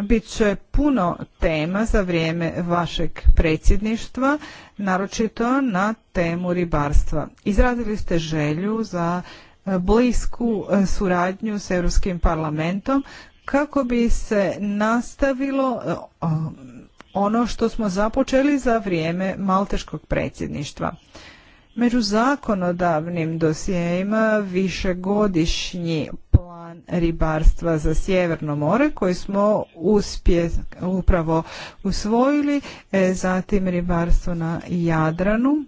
S2: Bit će puno tema za vrijeme vašeg predsjedništva, naročito na temu ribarstva. Izradili ste želju za e, blisku e, suradnju s Europskim parlamentom kako bi se nastavilo e, ono što smo započeli za vrijeme malteškog predsjedništva. Među zakonodavnim dosijejima višegodišnji ribarstva za Sjeverno more koji smo uspje, upravo usvojili, e, zatim ribarstvo na Jadranu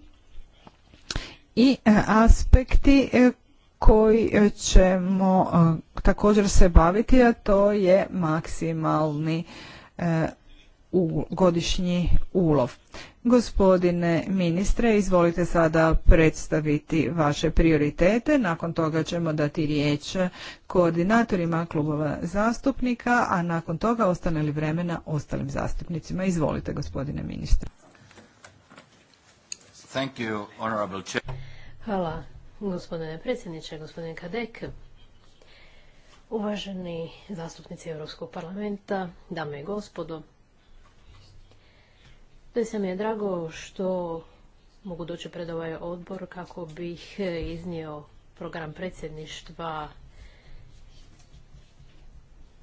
S2: i e, aspekti e, koji ćemo također se baviti, a to je maksimalni u, godišnji ulov. Gospodine ministre, izvolite sada predstaviti vaše prioritete. Nakon toga ćemo dati riječ koordinatorima klubova zastupnika, a nakon toga ostane li vremena ostalim zastupnicima. Izvolite, gospodine ministre.
S4: Hvala, gospodine predsjedniče, gospodine Kadek. Uvaženi zastupnici Europskog parlamenta, dame i gospodo, Doista mi je drago što mogu doći pred ovaj odbor kako bih iznio program predsjedništva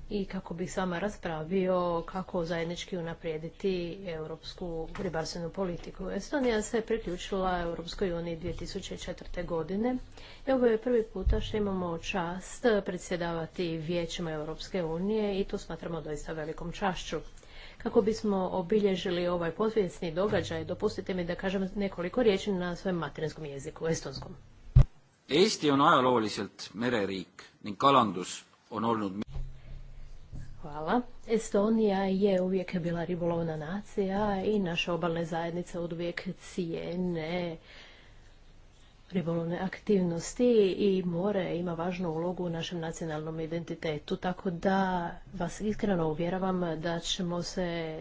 S4: i kako bih sama raspravio kako zajednički unaprijediti europsku ribarstvenu politiku. Estonija se priključila Europskoj uniji 2004. godine i ovo je prvi puta što imamo čast predsjedavati vijećima Europske unije i to smatramo doista velikom čašću. Kako bismo obilježili ovaj posvjesni događaj, dopustite mi da kažem nekoliko riječi na svojem materinskom jeziku, estonskom.
S2: Eesti
S1: on ajalooliselt mereriik kalandus on olnud...
S4: Hvala. Estonija je uvijek bila ribolovna nacija i naše obalne zajednice od uvijek cijene ribolovne aktivnosti i more ima važnu ulogu u našem nacionalnom identitetu, tako da vas iskreno uvjeravam da ćemo se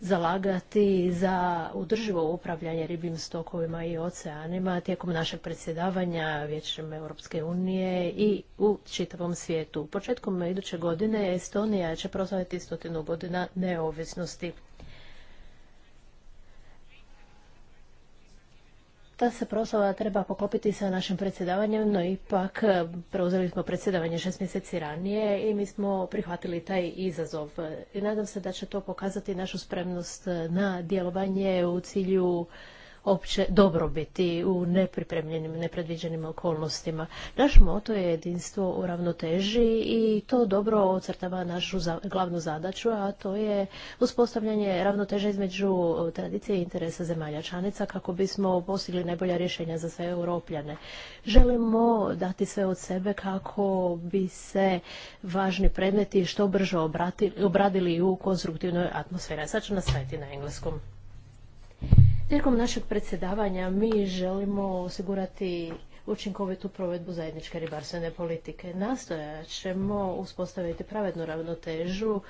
S4: zalagati za udrživo upravljanje ribim stokovima i oceanima tijekom našeg predsjedavanja Vijećem Europske unije i u čitavom svijetu. Početkom iduće godine Estonija će proslaviti stotinu godina neovisnosti. Ta se proslava treba poklopiti sa našim predsjedavanjem, no ipak e, preuzeli smo predsjedavanje šest mjeseci ranije i mi smo prihvatili taj izazov. I nadam se da će to pokazati našu spremnost e, na djelovanje u cilju opće dobrobiti u nepripremljenim, nepredviđenim okolnostima. Naš moto je jedinstvo u ravnoteži i to dobro ocrtava našu glavnu zadaću, a to je uspostavljanje ravnoteže između tradicije i interesa zemalja članica kako bismo postigli najbolja rješenja za sve europljane. Želimo dati sve od sebe kako bi se važni predmeti što brže obradili u konstruktivnoj atmosferi. Sad ću nastaviti na engleskom. Tijekom našeg predsjedavanja mi želimo osigurati učinkovitu provedbu zajedničke ribarstvene politike. Nastoja ćemo uspostaviti pravednu ravnotežu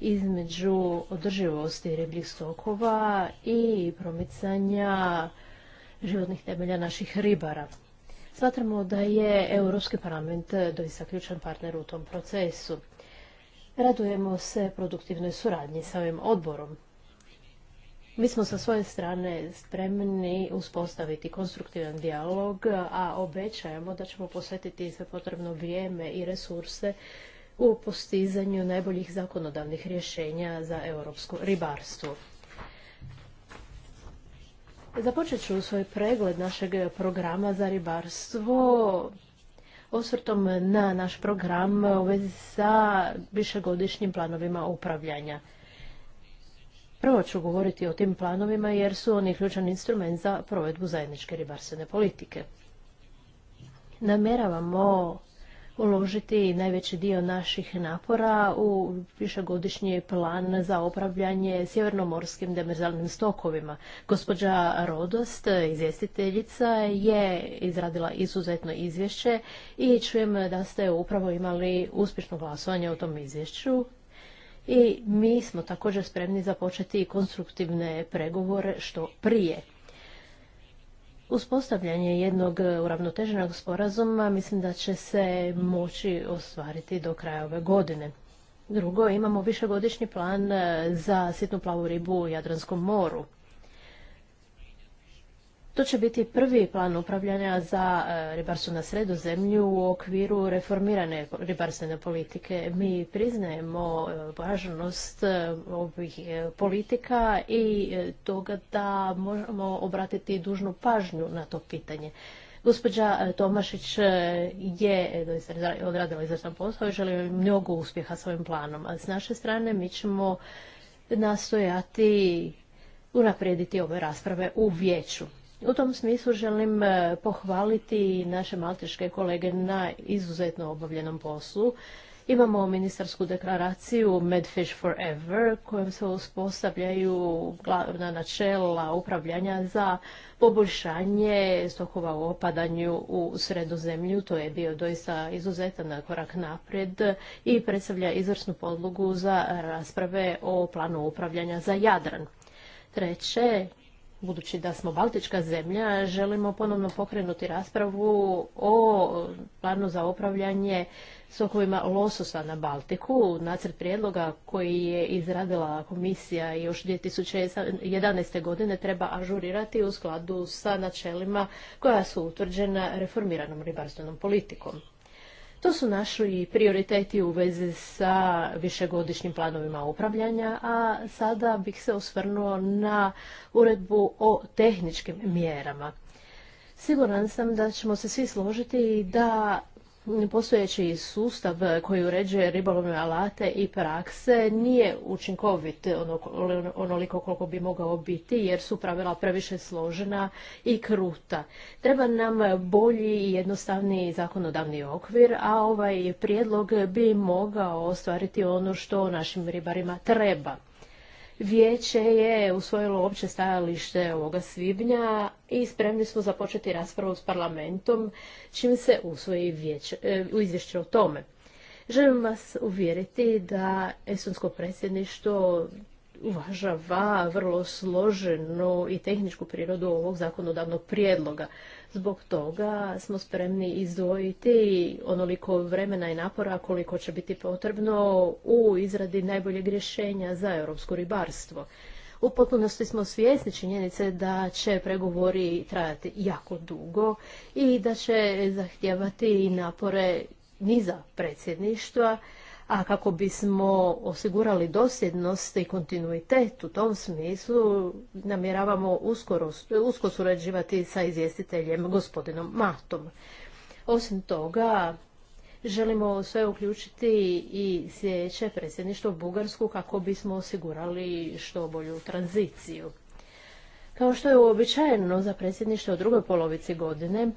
S4: između održivosti ribljih stokova i promicanja životnih temelja naših ribara. Smatramo da je Europski parlament doista ključan partner u tom procesu. Radujemo se produktivnoj suradnji sa ovim odborom. Mi smo sa svoje strane spremni uspostaviti konstruktivan dijalog, a obećajemo da ćemo posvetiti sve potrebno vrijeme i resurse u postizanju najboljih zakonodavnih rješenja za europsko ribarstvo. Započet ću svoj pregled našeg programa za ribarstvo osvrtom na naš program u vezi sa višegodišnjim planovima upravljanja. Prvo ću govoriti o tim planovima jer su oni ključan instrument za provedbu zajedničke ribarstvene politike. Nameravamo uložiti najveći dio naših napora u višegodišnji plan za opravljanje sjevernomorskim demerzalnim stokovima. Gospođa Rodost, izvjestiteljica, je izradila izuzetno izvješće i čujem da ste upravo imali uspješno glasovanje o tom izvješću i mi smo također spremni započeti konstruktivne pregovore što prije. Uspostavljanje jednog uravnoteženog sporazuma mislim da će se moći ostvariti do kraja ove godine. Drugo, imamo višegodišnji plan eh, za sitnu plavu ribu u Jadranskom moru. To će biti prvi plan upravljanja za e, ribarstvo na sredu zemlju u okviru reformirane ribarstvene politike. Mi priznajemo e, važnost e, ovih politika i toga da možemo obratiti dužnu pažnju na to pitanje. Gospođa Tomašić je odradila izvrstan posao i želim mnogo uspjeha svojim planom. ali s naše strane mi ćemo nastojati unaprijediti ove rasprave u vijeću. U tom smislu želim e, pohvaliti naše malteške kolege na izuzetno obavljenom poslu. Imamo ministarsku deklaraciju Medfish Forever kojom se uspostavljaju glavna načela upravljanja za poboljšanje stokova u opadanju u sredozemlju. To je bio doista izuzetan korak naprijed i predstavlja izvrsnu podlogu za rasprave o planu upravljanja za Jadran. Treće, budući da smo Baltička zemlja, želimo ponovno pokrenuti raspravu o planu za upravljanje sokovima lososa na Baltiku. Nacrt prijedloga koji je izradila komisija još 2011. godine treba ažurirati u skladu sa načelima koja su utvrđena reformiranom ribarstvenom politikom. To su naši prioriteti u vezi sa višegodišnjim planovima upravljanja, a sada bih se osvrnuo na uredbu o tehničkim mjerama. Siguran sam da ćemo se svi složiti da postojeći sustav koji uređuje ribolovne alate i prakse nije učinkovit ono, onoliko koliko bi mogao biti jer su pravila previše složena i kruta. Treba nam bolji i jednostavniji zakonodavni okvir, a ovaj prijedlog bi mogao ostvariti ono što našim ribarima treba. Vijeće je usvojilo opće stajalište ovoga svibnja i spremni smo započeti raspravu s parlamentom čim se usvoji e, u izvješće o tome. Želim vas uvjeriti da Estonsko predsjedništvo uvažava vrlo složenu i tehničku prirodu ovog zakonodavnog prijedloga. Zbog toga smo spremni izdvojiti onoliko vremena i napora koliko će biti potrebno u izradi najboljeg rješenja za europsko ribarstvo. U potpunosti smo svjesni činjenice da će pregovori trajati jako dugo i da će zahtijevati napore niza predsjedništva a kako bismo osigurali dosljednost i kontinuitet u tom smislu, namjeravamo uskoro, usko surađivati sa izvjestiteljem gospodinom Matom. Osim toga, želimo sve uključiti i sljedeće predsjedništvo Bugarsku kako bismo osigurali što bolju tranziciju. Kao što je uobičajeno za predsjedništvo u drugoj polovici godine,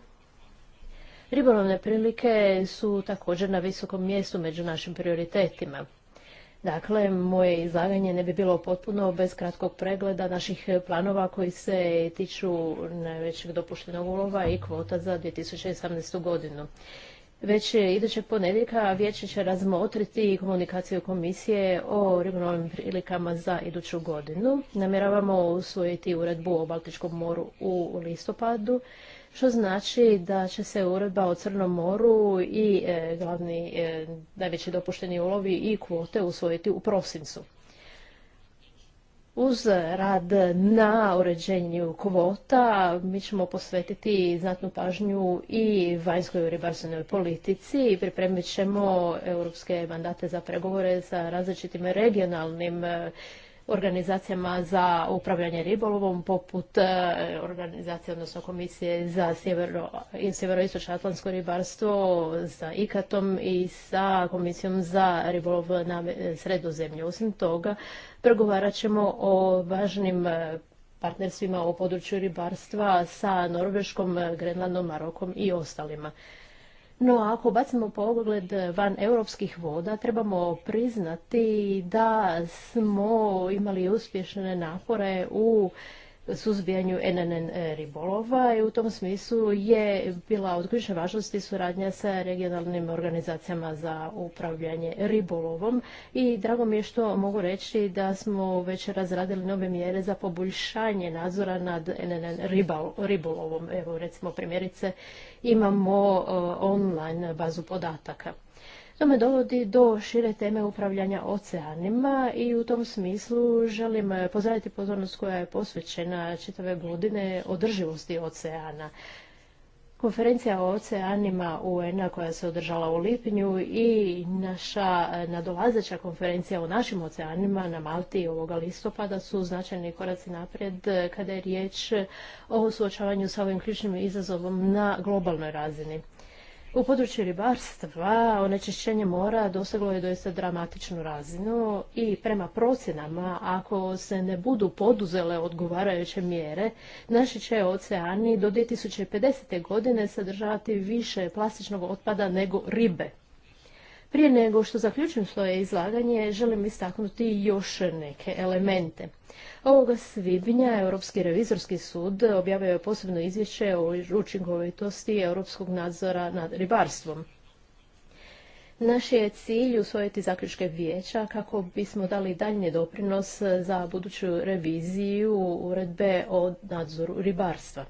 S4: Ribolovne prilike su također na visokom mjestu među našim prioritetima. Dakle, moje izlaganje ne bi bilo potpuno bez kratkog pregleda naših planova koji se tiču najvećeg dopuštenog ulova i kvota za 2018. godinu. Već idućeg ponedjeljka vijeće će razmotriti komunikaciju komisije o ribolovnim prilikama za iduću godinu. Namjeravamo usvojiti uredbu o Baltičkom moru u listopadu što znači da će se uredba o Crnom moru i e, glavni e, najveći dopušteni ulovi i kvote usvojiti u prosincu. Uz rad na uređenju kvota mi ćemo posvetiti znatnu pažnju i vanjskoj ribarstvenoj politici i pripremit ćemo europske mandate za pregovore sa različitim regionalnim e, organizacijama za upravljanje ribolovom, poput e, organizacije, odnosno komisije za sjevero, sjeveroistočno ribarstvo, sa ikat i sa komisijom za ribolov na sredozemlju. Osim toga, pregovarat ćemo o važnim e, partnerstvima u području ribarstva sa Norveškom, Grenlandom, Marokom i ostalima. No, ako bacimo pogled van europskih voda, trebamo priznati da smo imali uspješne napore u suzbijanju NNN ribolova i u tom smislu je bila od ključne važnosti suradnja sa regionalnim organizacijama za upravljanje ribolovom i drago mi je što mogu reći da smo već razradili nove mjere za poboljšanje nadzora nad NNN ribolovom. Evo recimo primjerice imamo online bazu podataka. To me dovodi do šire teme upravljanja oceanima i u tom smislu želim eh, pozdraviti pozornost koja je posvećena čitave godine održivosti oceana. Konferencija o oceanima un koja se održala u lipnju i naša eh, nadolazeća konferencija o našim oceanima na Malti ovoga listopada su značajni koraci naprijed eh, kada je riječ o suočavanju sa ovim ključnim izazovom na globalnoj razini. U području ribarstva onečišćenje mora doseglo je doista dramatičnu razinu i prema procjenama ako se ne budu poduzele odgovarajuće mjere, naši će oceani do 2050. godine sadržavati više plastičnog otpada nego ribe. Prije nego što zaključim svoje izlaganje, želim istaknuti još neke elemente. Ovoga svibnja Europski revizorski sud objavio je posebno izvješće o učinkovitosti europskog nadzora nad ribarstvom. Naš je cilj usvojiti zaključke vijeća kako bismo dali daljnji doprinos za buduću reviziju uredbe o nadzoru ribarstva.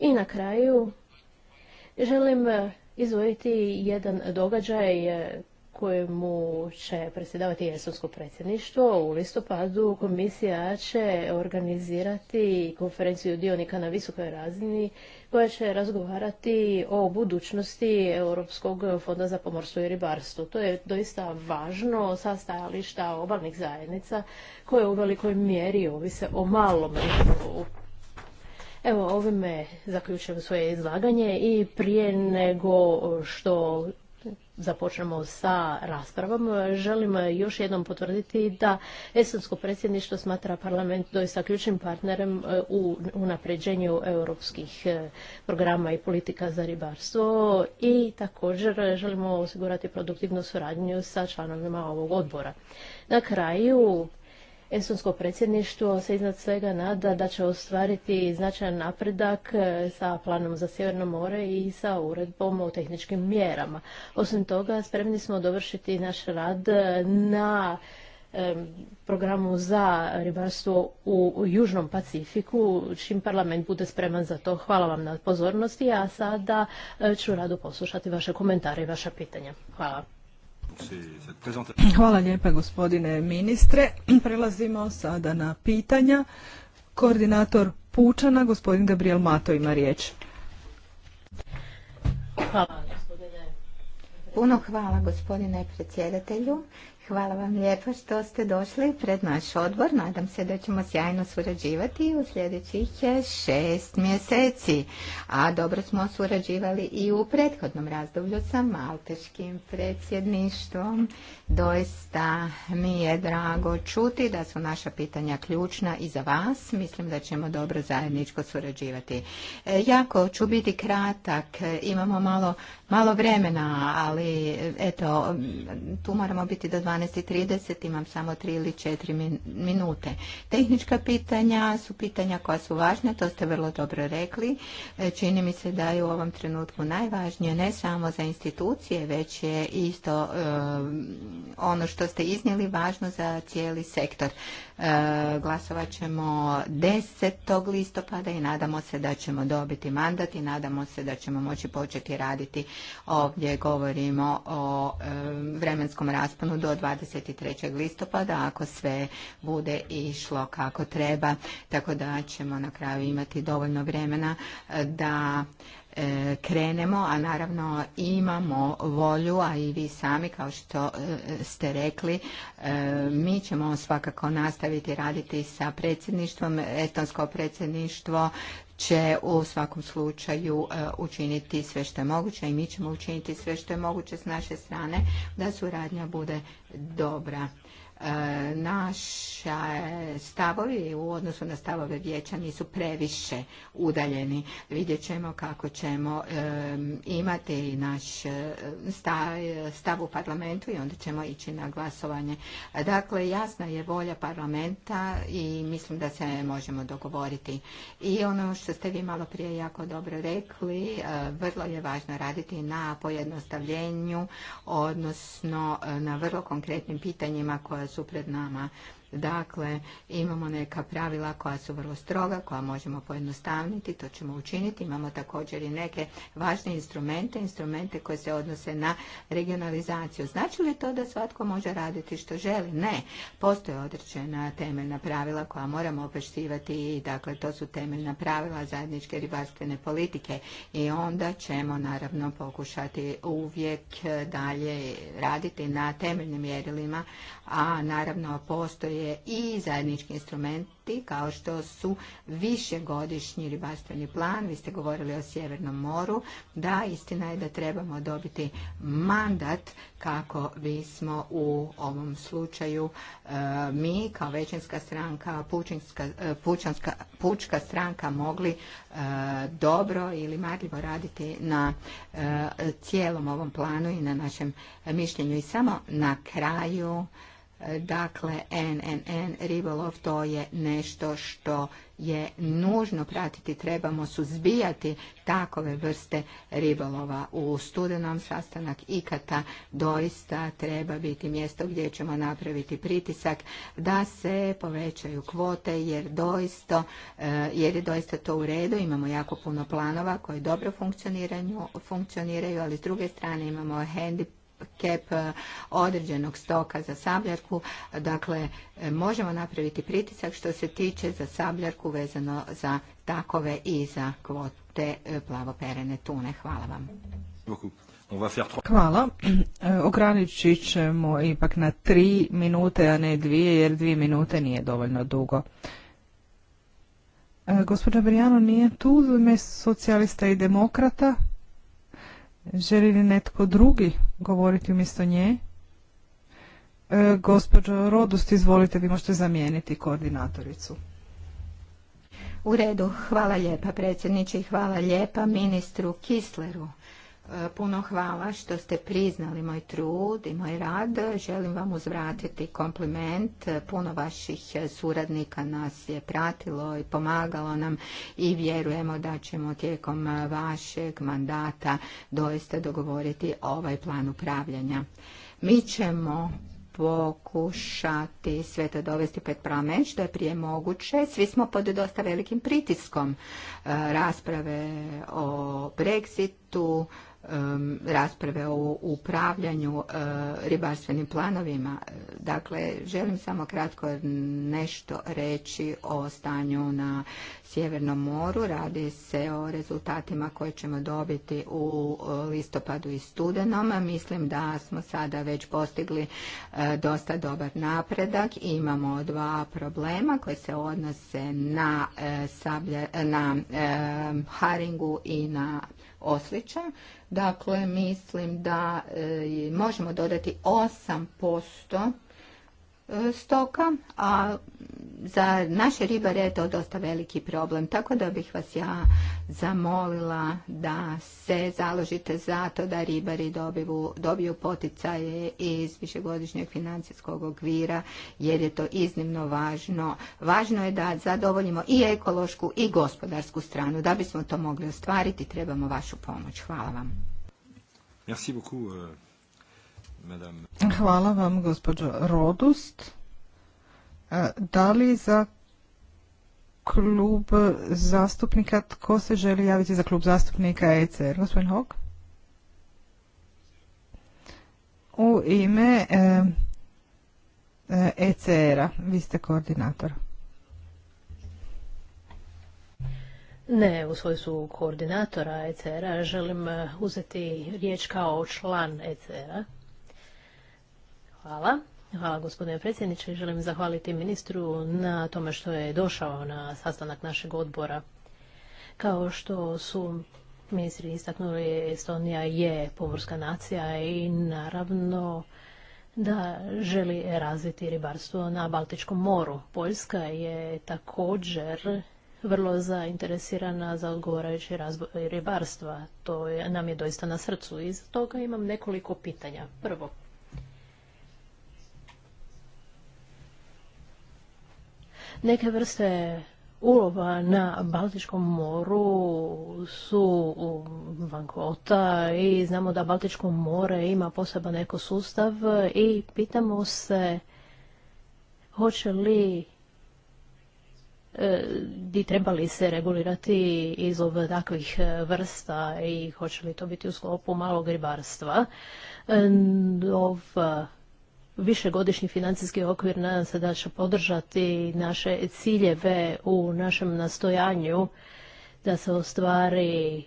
S4: I na kraju želim izvojiti jedan događaj kojemu će predsjedavati Estonsko predsjedništvo. U listopadu komisija će organizirati konferenciju dionika na visokoj razini koja će razgovarati o budućnosti Europskog fonda za pomorstvo i ribarstvo. To je doista važno sa stajališta obalnih zajednica koje u velikoj mjeri ovise o malom ribolovu. Evo, ovime zaključujem svoje izlaganje i prije nego što započnemo sa raspravom, želim još jednom potvrditi da Estonsko predsjedništvo smatra parlament doista ključnim partnerem e, u unapređenju europskih e, programa i politika za ribarstvo i također želimo osigurati produktivnu suradnju sa članovima ovog odbora. Na kraju Estonsko predsjedništvo se iznad svega nada da će ostvariti značajan napredak e, sa planom za Sjeverno more i sa uredbom o tehničkim mjerama. Osim toga, spremni smo dovršiti naš rad e, na e, programu za ribarstvo u Južnom Pacifiku, čim parlament bude spreman za to. Hvala vam na pozornosti, a sada ću rado poslušati vaše komentare i vaša pitanja. Hvala. Hvala lijepa
S2: gospodine ministre. Prelazimo sada na pitanja. Koordinator Pučana, gospodin Gabriel Mato ima riječ. Hvala
S4: gospodine.
S3: Puno hvala gospodine predsjedatelju. Hvala vam lijepo što ste došli pred naš odbor. Nadam se da ćemo sjajno surađivati u sljedećih šest mjeseci. A dobro smo surađivali i u prethodnom razdoblju sa malteškim predsjedništvom. Doista mi je drago čuti da su naša pitanja ključna i za vas. Mislim da ćemo dobro zajedničko surađivati. E, jako ću biti kratak. Imamo malo, vremena, ali eto, tu moramo biti do 12 12.30 imam samo 3 ili 4 minute. Tehnička pitanja su pitanja koja su važna, to ste vrlo dobro rekli. E, čini mi se da je u ovom trenutku najvažnije ne samo za institucije, već je isto e, ono što ste iznijeli važno za cijeli sektor. E, glasovat ćemo 10. listopada i nadamo se da ćemo dobiti mandat i nadamo se da ćemo moći početi raditi. Ovdje govorimo o vremenskom rasponu do 23. listopada ako sve bude išlo kako treba, tako da ćemo na kraju imati dovoljno vremena e, da e, krenemo, a naravno imamo volju, a i vi sami kao što e, ste rekli, mi ćemo svakako nastaviti raditi sa predsjedništvom, etonsko predsjedništvo će u svakom slučaju e, učiniti sve što je moguće i mi ćemo učiniti sve što je moguće s naše strane da suradnja bude dobra naš stavovi u odnosu na stavove vijeća nisu previše udaljeni. Vidjet ćemo kako ćemo imati naš stav u parlamentu i onda ćemo ići na glasovanje. Dakle, jasna je volja parlamenta i mislim da se možemo dogovoriti. I ono što ste vi malo prije jako dobro rekli, e, vrlo je važno raditi na pojednostavljenju, odnosno e, na vrlo konkretnim pitanjima koja su pred nama. Dakle, imamo neka pravila koja su vrlo stroga, koja možemo pojednostavniti, to ćemo učiniti. Imamo također i neke važne instrumente, instrumente koje se odnose na regionalizaciju. Znači li to da svatko može raditi što želi? Ne. Postoje određena temeljna pravila koja moramo opeštivati i dakle to su temeljna pravila zajedničke ribarstvene politike i onda ćemo naravno pokušati uvijek dalje raditi na temeljnim mjerilima, a naravno postoje i zajednički instrumenti kao što su višegodišnji ribarstveni plan, vi ste govorili o Sjevernom moru, da istina je da trebamo dobiti mandat kako bismo u ovom slučaju e, mi kao većinska stranka, e, pučanska, pučka stranka mogli e, dobro ili marljivo raditi na cijelom ovom planu i na našem mišljenju. I samo na kraju Dakle, NNN ribolov to je nešto što je nužno pratiti, trebamo suzbijati takove vrste ribolova. U studenom sastanak ikata doista treba biti mjesto gdje ćemo napraviti pritisak da se povećaju kvote jer doista, e, jer je doista to u redu. Imamo jako puno planova koji dobro funkcioniraju, ali s druge strane imamo kep eh, određenog stoka za sabljarku. Dakle, eh, možemo napraviti pritisak što se tiče za sabljarku vezano za takove i za kvote eh, plavoperene tune. Hvala vam.
S2: Hvala. Ograničit ćemo ipak na tri minute, a ne dvije, jer dvije minute nije dovoljno dugo. gospodin Brijano nije tu, u ime socijalista i demokrata. Želi li netko drugi govoriti umjesto nje? E, gospođo Rodust, izvolite, vi možete zamijeniti koordinatoricu.
S3: U redu, hvala lijepa predsjedniče i hvala lijepa ministru Kisleru. Puno hvala što ste priznali moj trud i moj rad. Želim vam uzvratiti kompliment. Puno vaših suradnika nas je pratilo i pomagalo nam i vjerujemo da ćemo tijekom vašeg mandata doista dogovoriti ovaj plan upravljanja. Mi ćemo pokušati sve to dovesti pred parlament što je prije moguće. Svi smo pod dosta velikim pritiskom e, rasprave o Brexitu, rasprave o upravljanju eh, ribarstvenim planovima. Dakle, želim samo kratko nešto reći o stanju na Sjevernom moru. Radi se o rezultatima koje ćemo dobiti u eh, listopadu i studenom. Mislim da smo sada već postigli eh, dosta dobar napredak. Imamo dva problema koje se odnose na, na haringu i na osjećam. Dakle, mislim da e, možemo dodati 8% stoka, a za naše ribare je to dosta veliki problem. Tako da bih vas ja zamolila da se založite za to da ribari dobiju poticaje iz višegodišnjeg financijskog okvira jer je to iznimno važno. Važno je da zadovoljimo i ekološku i gospodarsku stranu. Da bismo to mogli ostvariti trebamo vašu pomoć. Hvala vam.
S1: Merci beaucoup. Euh,
S2: Hvala vam, gospođo Rodust. E, da li za klub zastupnika, tko se želi javiti za klub zastupnika ECR? Gospodin Hog? U ime ECR-a, e, e vi ste koordinator.
S4: Ne, u su koordinatora ECR-a želim uzeti riječ kao član ECR-a. Hvala. Hvala gospodine predsjedniče. Želim zahvaliti ministru na tome što je došao na sastanak našeg odbora. Kao što su ministri istaknuli, Estonija je pomorska nacija i naravno da želi razviti ribarstvo na Baltičkom moru. Poljska je također vrlo zainteresirana za odgovarajući razvoj ribarstva. To je, nam je doista na srcu i toga imam nekoliko pitanja. Prvo, Neke vrste ulova na Baltičkom moru su vankota i znamo da Baltičko more ima poseban ekosustav i pitamo se hoće li e, treba li se regulirati izlov takvih e, vrsta i hoće li to biti u sklopu malog ribarstva. E, Ov višegodišnji financijski okvir nadam se da će podržati naše ciljeve u našem nastojanju da se ostvari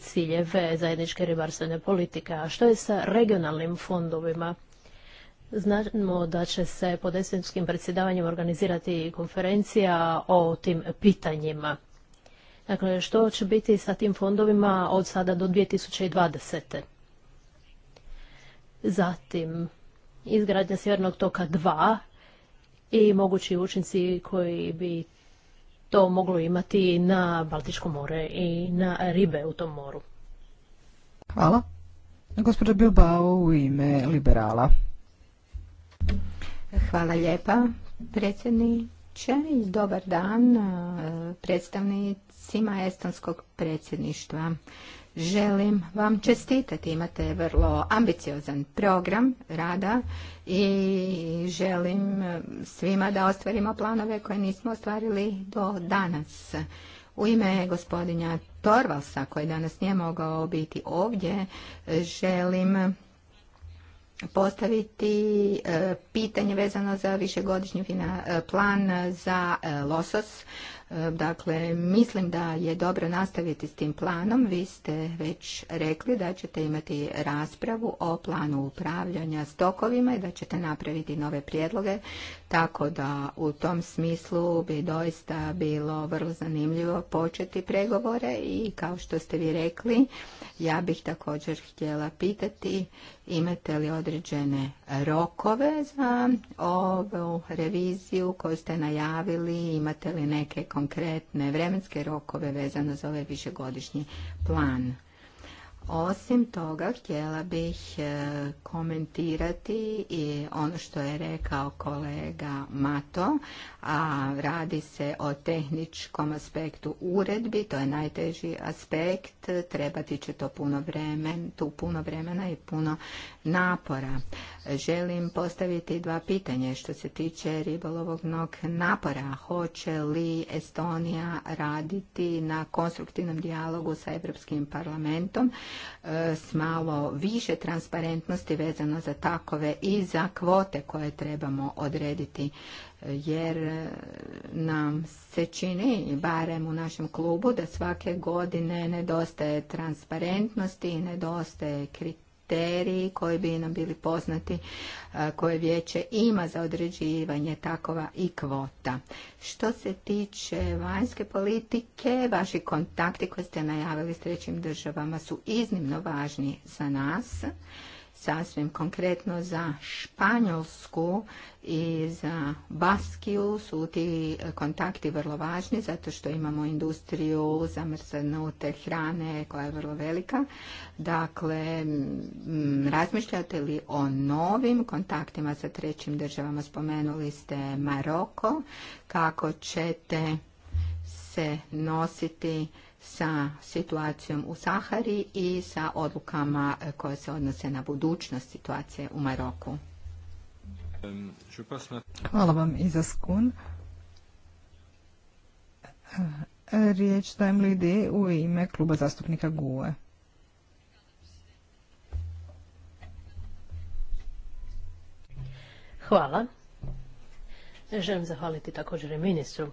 S4: ciljeve zajedničke ribarstvene politike. A što je sa regionalnim fondovima? Znamo da će se pod esenskim predsjedavanjem organizirati konferencija o tim pitanjima. Dakle, što će biti sa tim fondovima od sada do 2020. Zatim, izgradnja Sjevernog toka 2 i mogući učinci koji bi to moglo imati na Baltičko more i na ribe u tom moru.
S2: Hvala. Gospođa Bilbao u ime liberala.
S3: Hvala lijepa predsjedniče dobar dan eh, predstavnicima Estonskog predsjedništva. Želim vam čestitati, imate vrlo ambiciozan program rada i želim svima da ostvarimo planove koje nismo ostvarili do danas. U ime gospodinja Torvalsa, koji danas nije mogao biti ovdje, želim postaviti e, pitanje vezano za višegodišnji e, plan za e, losos. Dakle, mislim da je dobro nastaviti s tim planom. Vi ste već rekli da ćete imati raspravu o planu upravljanja stokovima i da ćete napraviti nove prijedloge. Tako da u tom smislu bi doista bilo vrlo zanimljivo početi pregovore i kao što ste vi rekli, ja bih također htjela pitati imate li određene rokove za ovu reviziju koju ste najavili, imate li neke konkretne vremenske rokove vezano za ovaj višegodišnji plan osim toga, htjela bih e, komentirati i ono što je rekao kolega Mato, a radi se o tehničkom aspektu uredbi, to je najteži aspekt, trebati će to puno vremen, tu puno vremena i puno napora. Želim postaviti dva pitanja što se tiče ribolovnog napora. Hoće li Estonija raditi na konstruktivnom dijalogu sa Europskim parlamentom E, s malo više transparentnosti vezano za takove i za kvote koje trebamo odrediti jer e, nam se čini, barem u našem klubu, da svake godine nedostaje transparentnosti i nedostaje kriterija kriteriji koji bi nam bili poznati e, koje vijeće ima za određivanje takova i kvota. Što se tiče vanjske politike, vaši kontakti koje ste najavili s trećim državama su iznimno važni za nas sasvim konkretno za Španjolsku i za Baskiju su ti kontakti vrlo važni zato što imamo industriju zamrznute hrane koja je vrlo velika. Dakle, razmišljate li o novim kontaktima sa trećim državama? Spomenuli ste Maroko. Kako ćete se nositi sa situacijom u Sahari i sa odlukama e, koje se odnose na budućnost situacije u Maroku.
S2: Hvala vam i za skun. E, riječ dajem lidi u ime kluba zastupnika GUE.
S4: Hvala. Želim zahvaliti također i ministru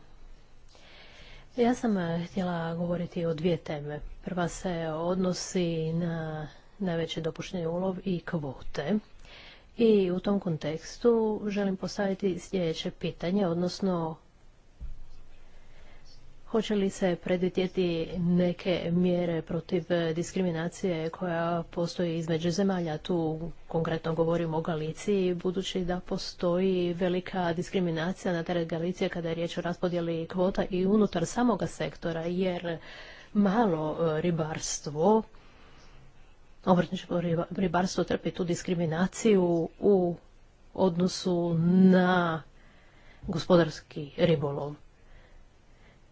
S4: ja sam eh, htjela govoriti o dvije teme. Prva se odnosi na najveći dopušteni ulov i kvote. I u tom kontekstu želim postaviti sljedeće pitanje, odnosno Hoće li se predvidjeti neke mjere protiv diskriminacije koja postoji između zemalja? Tu konkretno govorimo o Galiciji, budući da postoji velika diskriminacija na teret Galicije kada je riječ o raspodjeli kvota i unutar samoga sektora, jer malo e, ribarstvo, obrtničko ribarstvo trpi tu diskriminaciju u odnosu na gospodarski ribolov.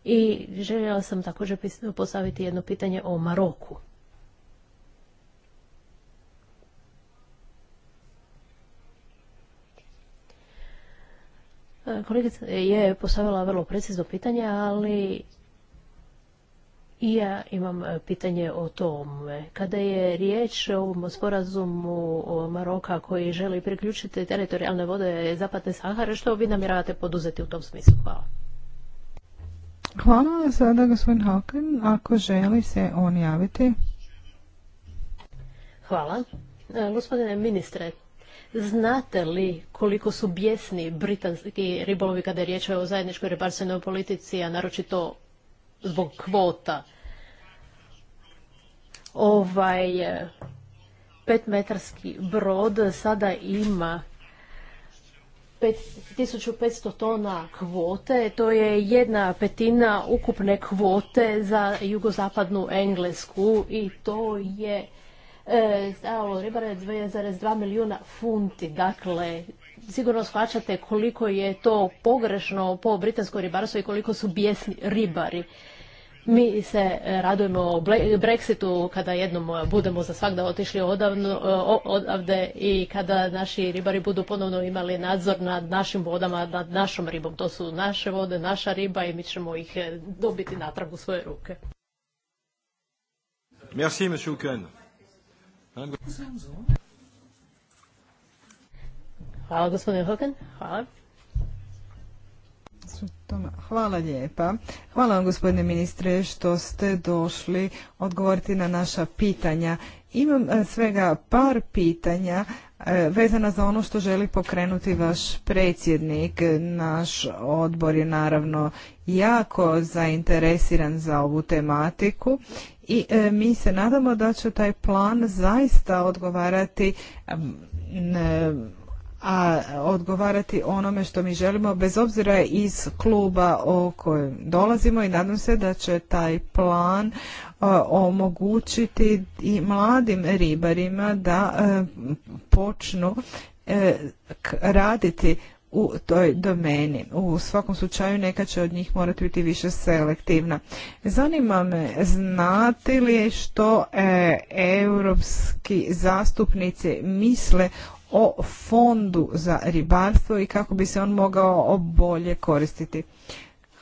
S4: I željela sam također postaviti jedno pitanje o Maroku. E, kolegica je postavila vrlo precizno pitanje, ali i ja imam e, pitanje o tome. Kada je riječ o ovom sporazumu Maroka koji želi priključiti teritorijalne vode Zapadne Sahare, što vi namjeravate poduzeti u tom smislu? Hvala.
S2: Hvala. Sada gospodin ako želi se on javiti.
S4: Hvala. E, gospodine ministre, znate li koliko su bijesni britanski ribolovi kada je riječ o zajedničkoj ribarstvenoj politici, a naročito zbog kvota? Ovaj e, petmetarski brod sada ima 1500 tona kvote, to je jedna petina ukupne kvote za jugozapadnu Englesku i to je e, ribare 2,2 milijuna funti. Dakle, sigurno shvaćate koliko je to pogrešno po britansko ribarstvo i koliko su bijesni ribari. Mi se e, radujemo o Brexitu kada jednom e, budemo za svakda otišli e, odavde i kada naši ribari budu ponovno imali nadzor nad našim vodama, nad našom ribom. To su naše vode, naša riba i mi ćemo ih dobiti natrag u svoje ruke.
S1: Merci, monsieur
S4: Hvala, gospodine Hogan. Hvala.
S2: Hvala lijepa. Hvala vam gospodine ministre što ste došli odgovoriti na naša pitanja. Imam e, svega par pitanja e, vezana za ono što želi pokrenuti vaš predsjednik. Naš odbor je naravno jako zainteresiran za ovu tematiku i e, mi se nadamo da će taj plan zaista odgovarati a odgovarati onome što mi želimo bez obzira iz kluba o kojem dolazimo i nadam se da će taj plan e, omogućiti i mladim ribarima da e, počnu e, raditi u toj domeni. U svakom slučaju neka će od njih morati biti više selektivna. Zanima me, znate li što europski zastupnici misle o fondu za ribarstvo i kako bi se on mogao bolje koristiti.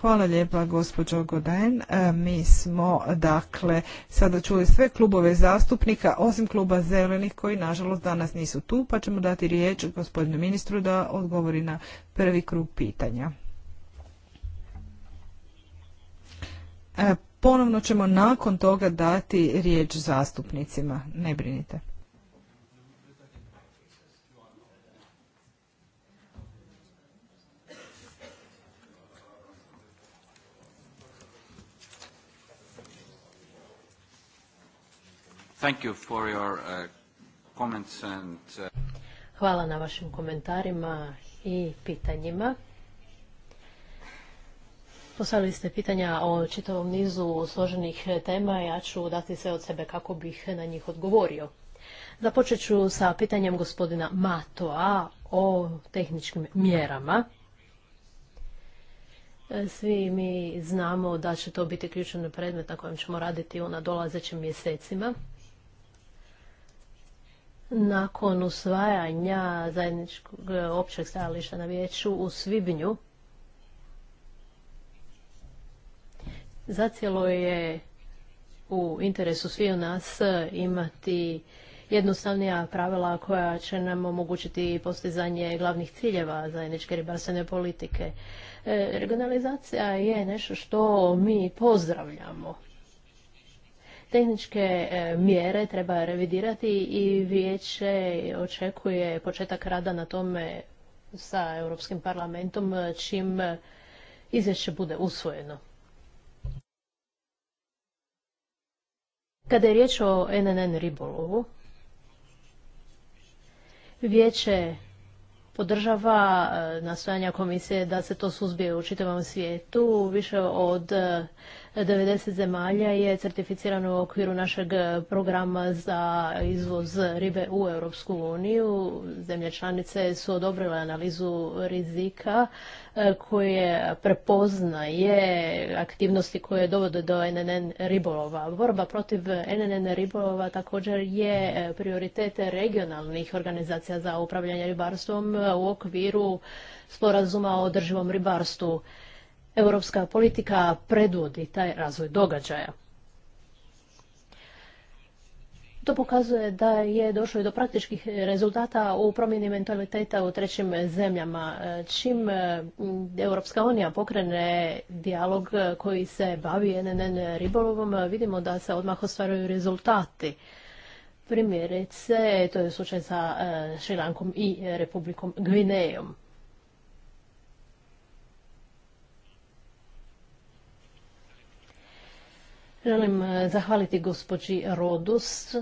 S2: Hvala lijepa gospođo Godajen. E, mi smo dakle sada čuli sve klubove zastupnika osim kluba zelenih koji nažalost danas nisu tu pa ćemo dati riječ gospodinu ministru da odgovori na prvi krug pitanja. E, ponovno ćemo nakon toga dati riječ zastupnicima. Ne brinite.
S1: Uh, uh,
S4: Hvala na vašim komentarima i pitanjima. Postavili ste pitanja o čitavom nizu složenih tema. Ja ću dati sve od sebe kako bih na njih odgovorio. Započet ću sa pitanjem gospodina Matoa o tehničkim mjerama. Svi mi znamo da će to biti ključan predmet na kojem ćemo raditi u nadolazećim mjesecima. Nakon usvajanja zajedničkog e, općeg stajališta na vijeću u Svibnju, zacijelo je u interesu sviju nas e, imati jednostavnija pravila koja će nam omogućiti postizanje glavnih ciljeva zajedničke ribarstvene politike. E, regionalizacija je nešto što mi pozdravljamo. Tehničke e, mjere treba revidirati i vijeće očekuje početak rada na tome sa Europskim parlamentom e, čim e, izvješće bude usvojeno. Kada je riječ o NNN ribolovu, vijeće podržava nastojanja komisije da se to suzbije u čitavom svijetu. Više od 90 zemalja je certificirano u okviru našeg e, programa za izvoz ribe u Europsku uniju. Zemlje članice su odobrile analizu rizika e, koje prepoznaje aktivnosti koje dovode do NNN ribolova. Borba protiv NNN ribolova također je e, prioritete regionalnih organizacija za upravljanje ribarstvom u okviru sporazuma o održivom ribarstvu europska politika predvodi taj razvoj događaja. To pokazuje da je došlo i do praktičkih rezultata u promjeni mentaliteta u trećim zemljama. Čim Europska unija pokrene dijalog koji se bavi NNN ribolovom, vidimo da se odmah ostvaruju rezultati. Primjerice, to je slučaj sa e, Šrilankom i Republikom Gvinejom. Želim e, zahvaliti gospođi Rodus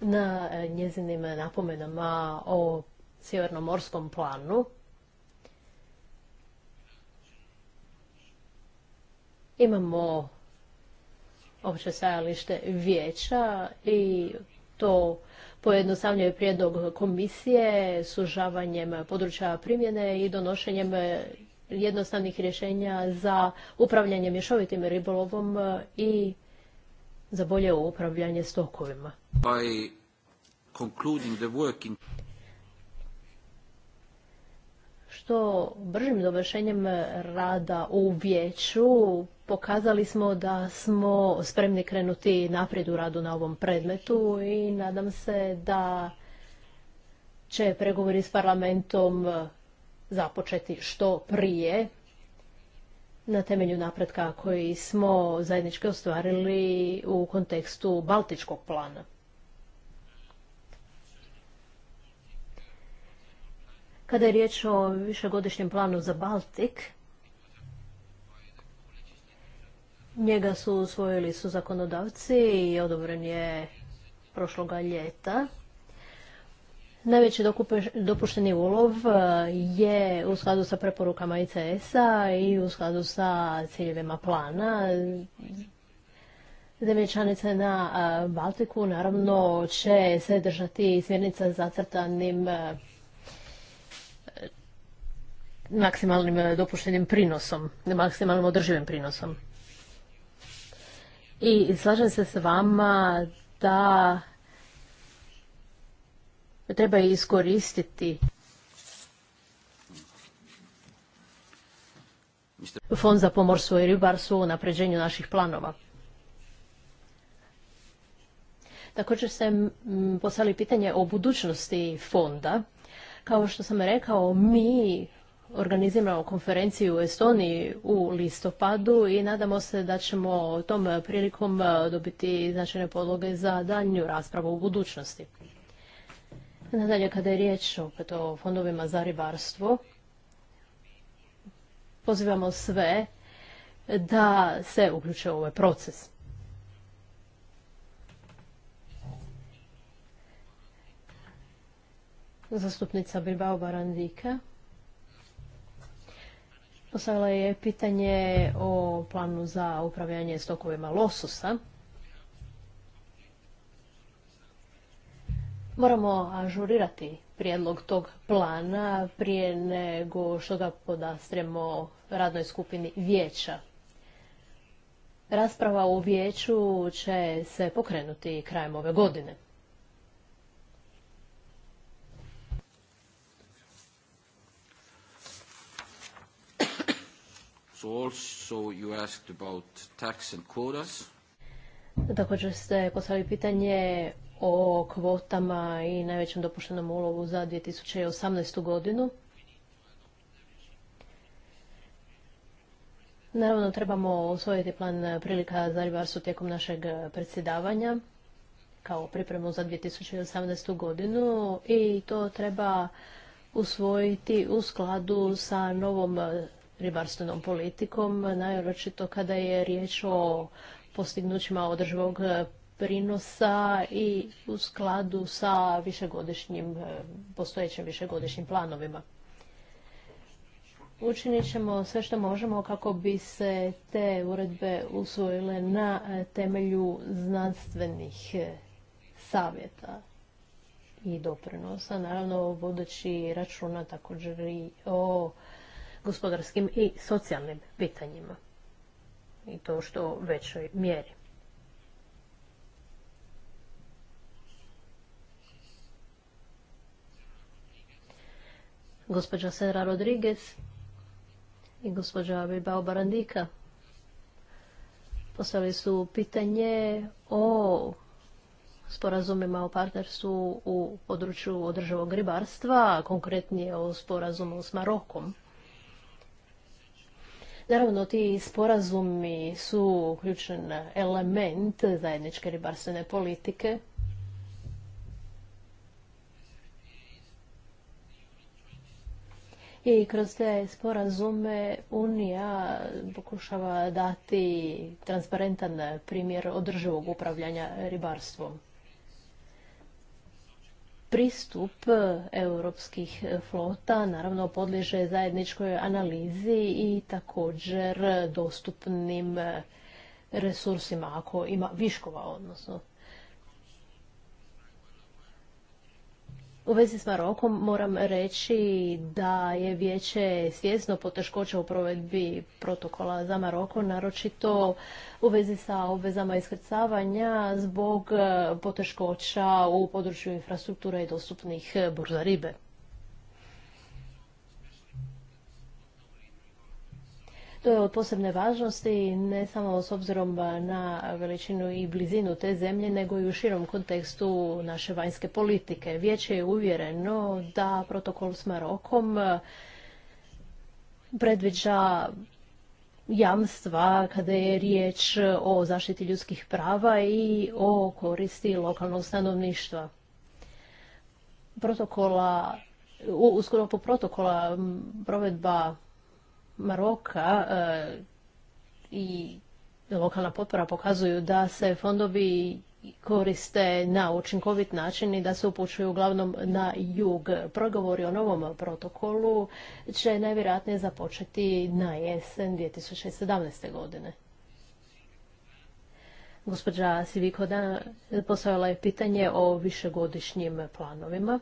S4: na e, njezinim napomenama o sjevernomorskom planu. Imamo opće stajalište vijeća i to pojednostavljaju prijedlog komisije sužavanjem područja primjene i donošenjem jednostavnih rješenja za upravljanje mješovitim ribolovom e, i za bolje upravljanje stokovima. Što bržim dovršenjem rada u vijeću pokazali smo da smo spremni krenuti naprijed u radu na ovom predmetu i nadam se da će pregovori s parlamentom započeti što prije na temelju napretka koji smo zajednički ostvarili u kontekstu Baltičkog plana. Kada je riječ o višegodišnjem planu za Baltik, njega su usvojili su zakonodavci i odobren je prošloga ljeta. Najveći dopušteni ulov e, je u skladu sa preporukama ICS-a i u skladu sa ciljevima plana. Zemlje članice na e, Baltiku naravno će se držati smjernica zacrtanim e, maksimalnim dopuštenim prinosom, maksimalnim održivim prinosom. I slažem se s vama da treba iskoristiti Fond za pomorstvo i ribarstvo u napređenju naših planova. Također ste poslali pitanje o budućnosti fonda. Kao što sam rekao, mi organiziramo konferenciju u Estoniji u listopadu i nadamo se da ćemo tom prilikom e, dobiti značajne podloge za daljnju raspravu u budućnosti. Nadalje, kada je riječ opet o fondovima za ribarstvo, pozivamo sve da se uključe u ovaj proces. Zastupnica Bilbao Barandika postavila je pitanje o planu za upravljanje stokovima lososa. Moramo ažurirati prijedlog tog plana prije nego što ga podastremo radnoj skupini vijeća. Rasprava u vijeću će se pokrenuti krajem ove godine. Također ste postavili pitanje o kvotama i najvećem dopuštenom ulovu za 2018. godinu. Naravno, trebamo osvojiti plan prilika za ribarstvo tijekom našeg predsjedavanja kao pripremu za 2018. godinu i to treba usvojiti u skladu sa novom ribarstvenom politikom, naročito kada je riječ o postignućima održivog prinosa i u skladu sa višegodišnjim, e, postojećim višegodišnjim planovima. Učinit ćemo sve što možemo kako bi se te uredbe usvojile na e, temelju znanstvenih e, savjeta i doprinosa, naravno vodeći računa također i o gospodarskim i socijalnim pitanjima i to što većoj mjeri. gospođa sera Rodriguez i gospođa Bilbao Barandika. Postavili su pitanje o sporazumima o partnerstvu u području održivog ribarstva, konkretnije o sporazumu s Marokom. Naravno, ti sporazumi su ključan element zajedničke ribarstvene politike, i kroz te sporazume Unija pokušava dati transparentan primjer održivog upravljanja ribarstvom. Pristup europskih flota naravno podliježe zajedničkoj analizi i također dostupnim resursima ako ima viškova odnosno U vezi s Marokom moram reći da je vijeće svjesno poteškoća u provedbi protokola za Maroko, naročito u vezi sa obvezama iskrcavanja zbog eh, poteškoća u području infrastrukture i dostupnih burza ribe. To je od posebne važnosti ne samo s obzirom na veličinu i blizinu te zemlje, nego i u širom kontekstu naše vanjske politike. Vijeće je uvjereno da protokol s Marokom predviđa jamstva kada je riječ o zaštiti ljudskih prava i o koristi lokalnog stanovništva. Protokola, u sklopu protokola provedba Maroka e, i lokalna potpora pokazuju da se fondovi koriste na učinkovit način i da se upućuju uglavnom na jug. Progovori o novom protokolu će najvjerojatnije započeti na jesen 2017. godine. Gospođa Sivikoda postavila je pitanje o višegodišnjim planovima.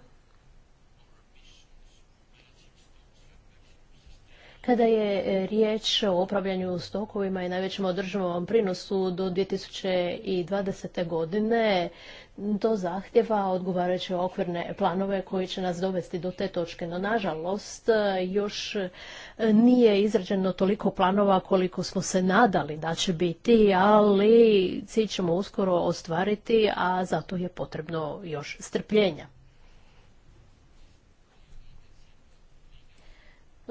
S4: Da je e, riječ o upravljanju stokovima i najvećem održivom prinosu do 2020. godine, to zahtjeva odgovarajuće okvirne planove koji će nas dovesti do te točke. No, nažalost, još e, nije izrađeno toliko planova koliko smo se nadali da će biti, ali cilj ćemo uskoro ostvariti, a zato je potrebno još strpljenja.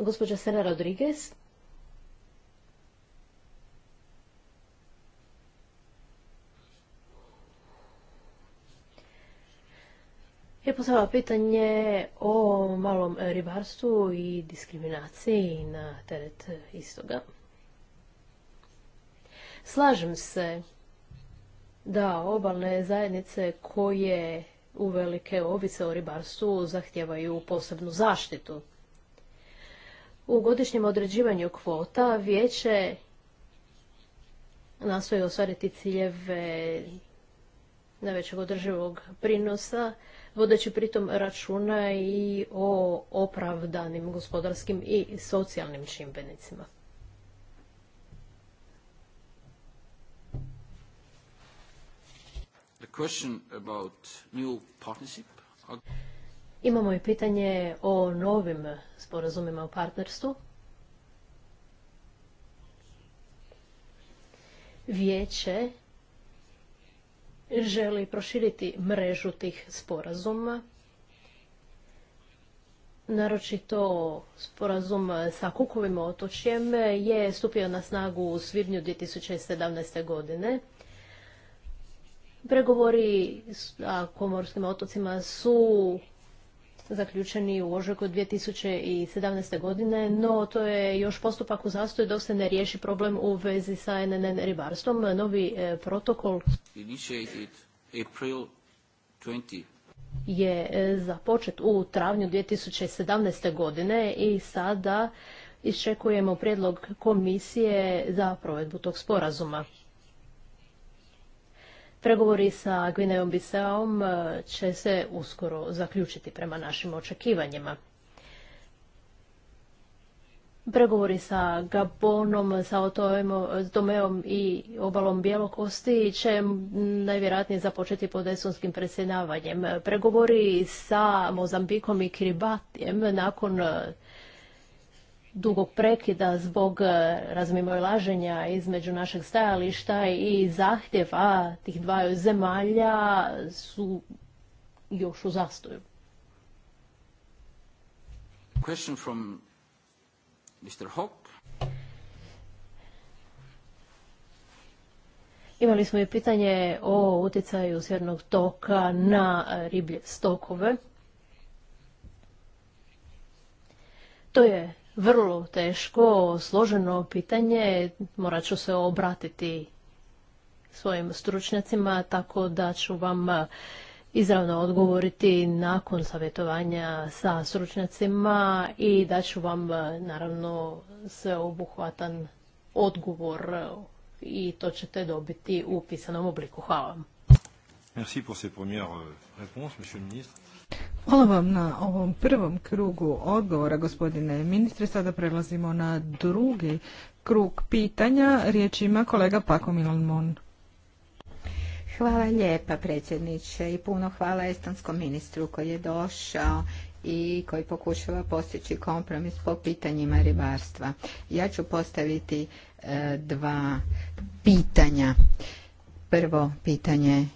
S4: Gospođa Sena Rodriguez. je postavila pitanje o malom ribarstvu i diskriminaciji na teret istoga. Slažem se da obalne zajednice koje uvelike ovice o ribarstvu zahtijevaju posebnu zaštitu. U godišnjem određivanju kvota vijeće nastoji ostvariti ciljeve najvećeg održivog prinosa, vodeći pritom računa i o opravdanim gospodarskim i socijalnim čimbenicima.
S1: The
S4: Imamo i pitanje o novim sporazumima o partnerstvu. Vijeće želi proširiti mrežu tih sporazuma, naročito sporazum sa Kukovim otočjem je stupio na snagu u svibnju 2017. godine. Pregovori sa komorskim otocima su zaključeni u ožujku 2017. godine, no to je još postupak u zastoju dok se ne riješi problem u vezi sa NNN ribarstvom. Novi e, protokol je e, započet u travnju 2017. godine i sada iščekujemo prijedlog komisije za provedbu tog sporazuma. Pregovori sa Gvinejom Bisaom e, će se uskoro zaključiti prema našim očekivanjima. Pregovori sa Gabonom, sa Domeom i obalom Bjelokosti će najvjerojatnije započeti pod esonskim predsjedavanjem. Pregovori sa Mozambikom i Kiribatijem nakon e, dugog prekida zbog e, razmimoilaženja između našeg stajališta i zahtjeva tih dvaju zemalja su još u zastoju.
S3: Question from Mr.
S4: Imali smo i pitanje o utjecaju jednog toka na e, riblje stokove. To je vrlo teško, složeno pitanje. Morat ću se obratiti svojim stručnjacima, tako da ću vam izravno odgovoriti nakon savjetovanja sa stručnjacima i da ću vam naravno obuhvatan odgovor i to ćete dobiti u pisanom obliku. Hvala vam.
S1: Merci euh,
S2: Hvala vam na ovom prvom krugu odgovora, gospodine ministre. Sada prelazimo na drugi krug pitanja. Riječ ima kolega Pako Milan
S3: Hvala lijepa predsjedniče i puno hvala estonskom ministru koji je došao i koji pokušava postići kompromis po pitanjima ribarstva. Ja ću postaviti e, dva pitanja. Prvo pitanje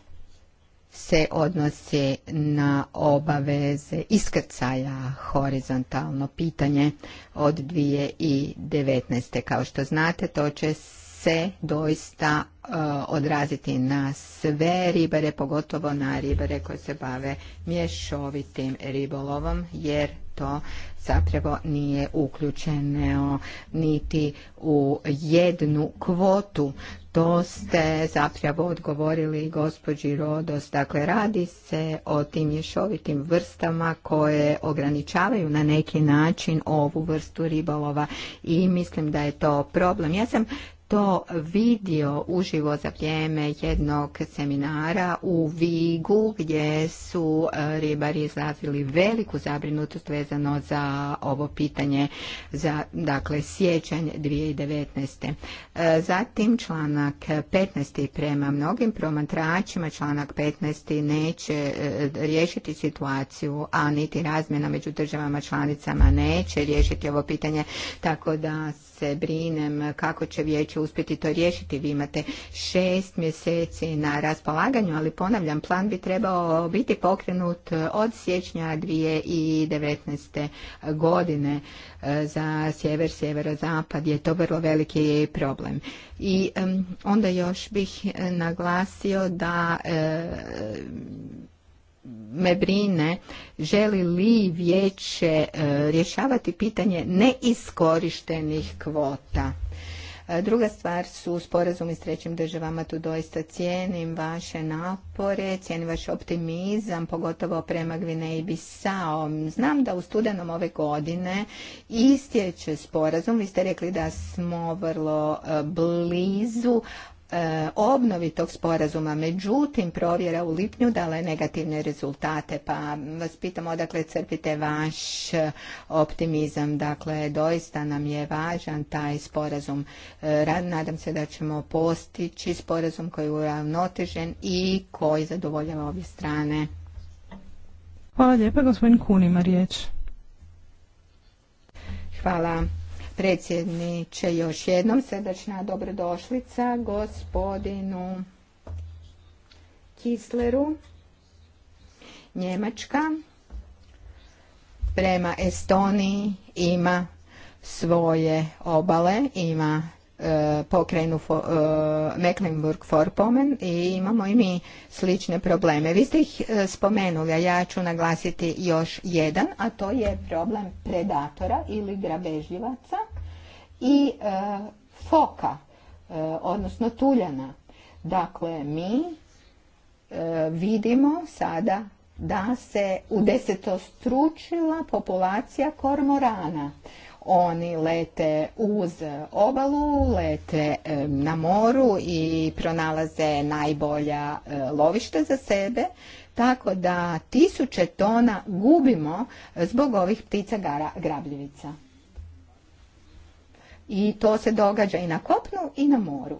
S3: se odnosi na obaveze iskrcaja horizontalno pitanje od 2019. Kao što znate, to će se doista e, odraziti na sve ribare, pogotovo na ribare koje se bave mješovitim ribolovom, jer to zapravo nije uključeno niti u jednu kvotu. To ste zapravo odgovorili gospođi Rodos. Dakle, radi se o tim mješovitim vrstama koje ograničavaju na neki način ovu vrstu ribolova i mislim da je to problem. Ja sam to vidio uživo za vrijeme jednog seminara u Vigu gdje su e, ribari izrazili veliku zabrinutost vezano za ovo pitanje za dakle sjećanj 2019. E, zatim članak 15. prema mnogim promatračima članak 15. neće e, riješiti situaciju, a niti razmjena među državama članicama neće riješiti ovo pitanje, tako da se brinem kako će vijeće uspjeti to riješiti. Vi imate šest mjeseci na raspolaganju, ali ponavljam, plan bi trebao biti pokrenut od siječnja 2019. godine e, za sjever, sjeverozapad je to vrlo veliki problem. I onda još bih e, naglasio da e, me brine želi li vijeće e, rješavati pitanje neiskorištenih kvota. E, druga stvar su sporazumi s trećim državama, tu doista cijenim vaše napore, cijenim vaš optimizam, pogotovo prema i Bisao. Znam da u studenom ove godine istječe sporazum, vi ste rekli da smo vrlo e, blizu, E, obnovi tog sporazuma. Međutim, provjera u lipnju dala je negativne rezultate, pa vas pitam odakle crpite vaš optimizam. Dakle, doista nam je važan taj sporazum. E, nadam se da ćemo postići sporazum koji je uravnotežen i koji zadovoljava obje strane.
S2: Hvala lijepa, gospodin Kunima riječ.
S3: Hvala predsjedniče još jednom srdačna dobrodošlica gospodinu Kisleru Njemačka prema Estoniji ima svoje obale, ima E, pokrenu e, Mecklenburg-Vorpommern i imamo i mi slične probleme. Vi ste ih e, spomenuli, a ja ću naglasiti još jedan, a to je problem predatora ili grabežljivaca i foka, odnosno tuljana. Dakle, mi vidimo sada da se u desetostručila populacija kormorana. Oni lete uz obalu, lete e, na moru i pronalaze najbolja e, lovišta za sebe, tako da tisuće tona gubimo zbog ovih ptica grabljivica. I to se događa i na kopnu i na moru.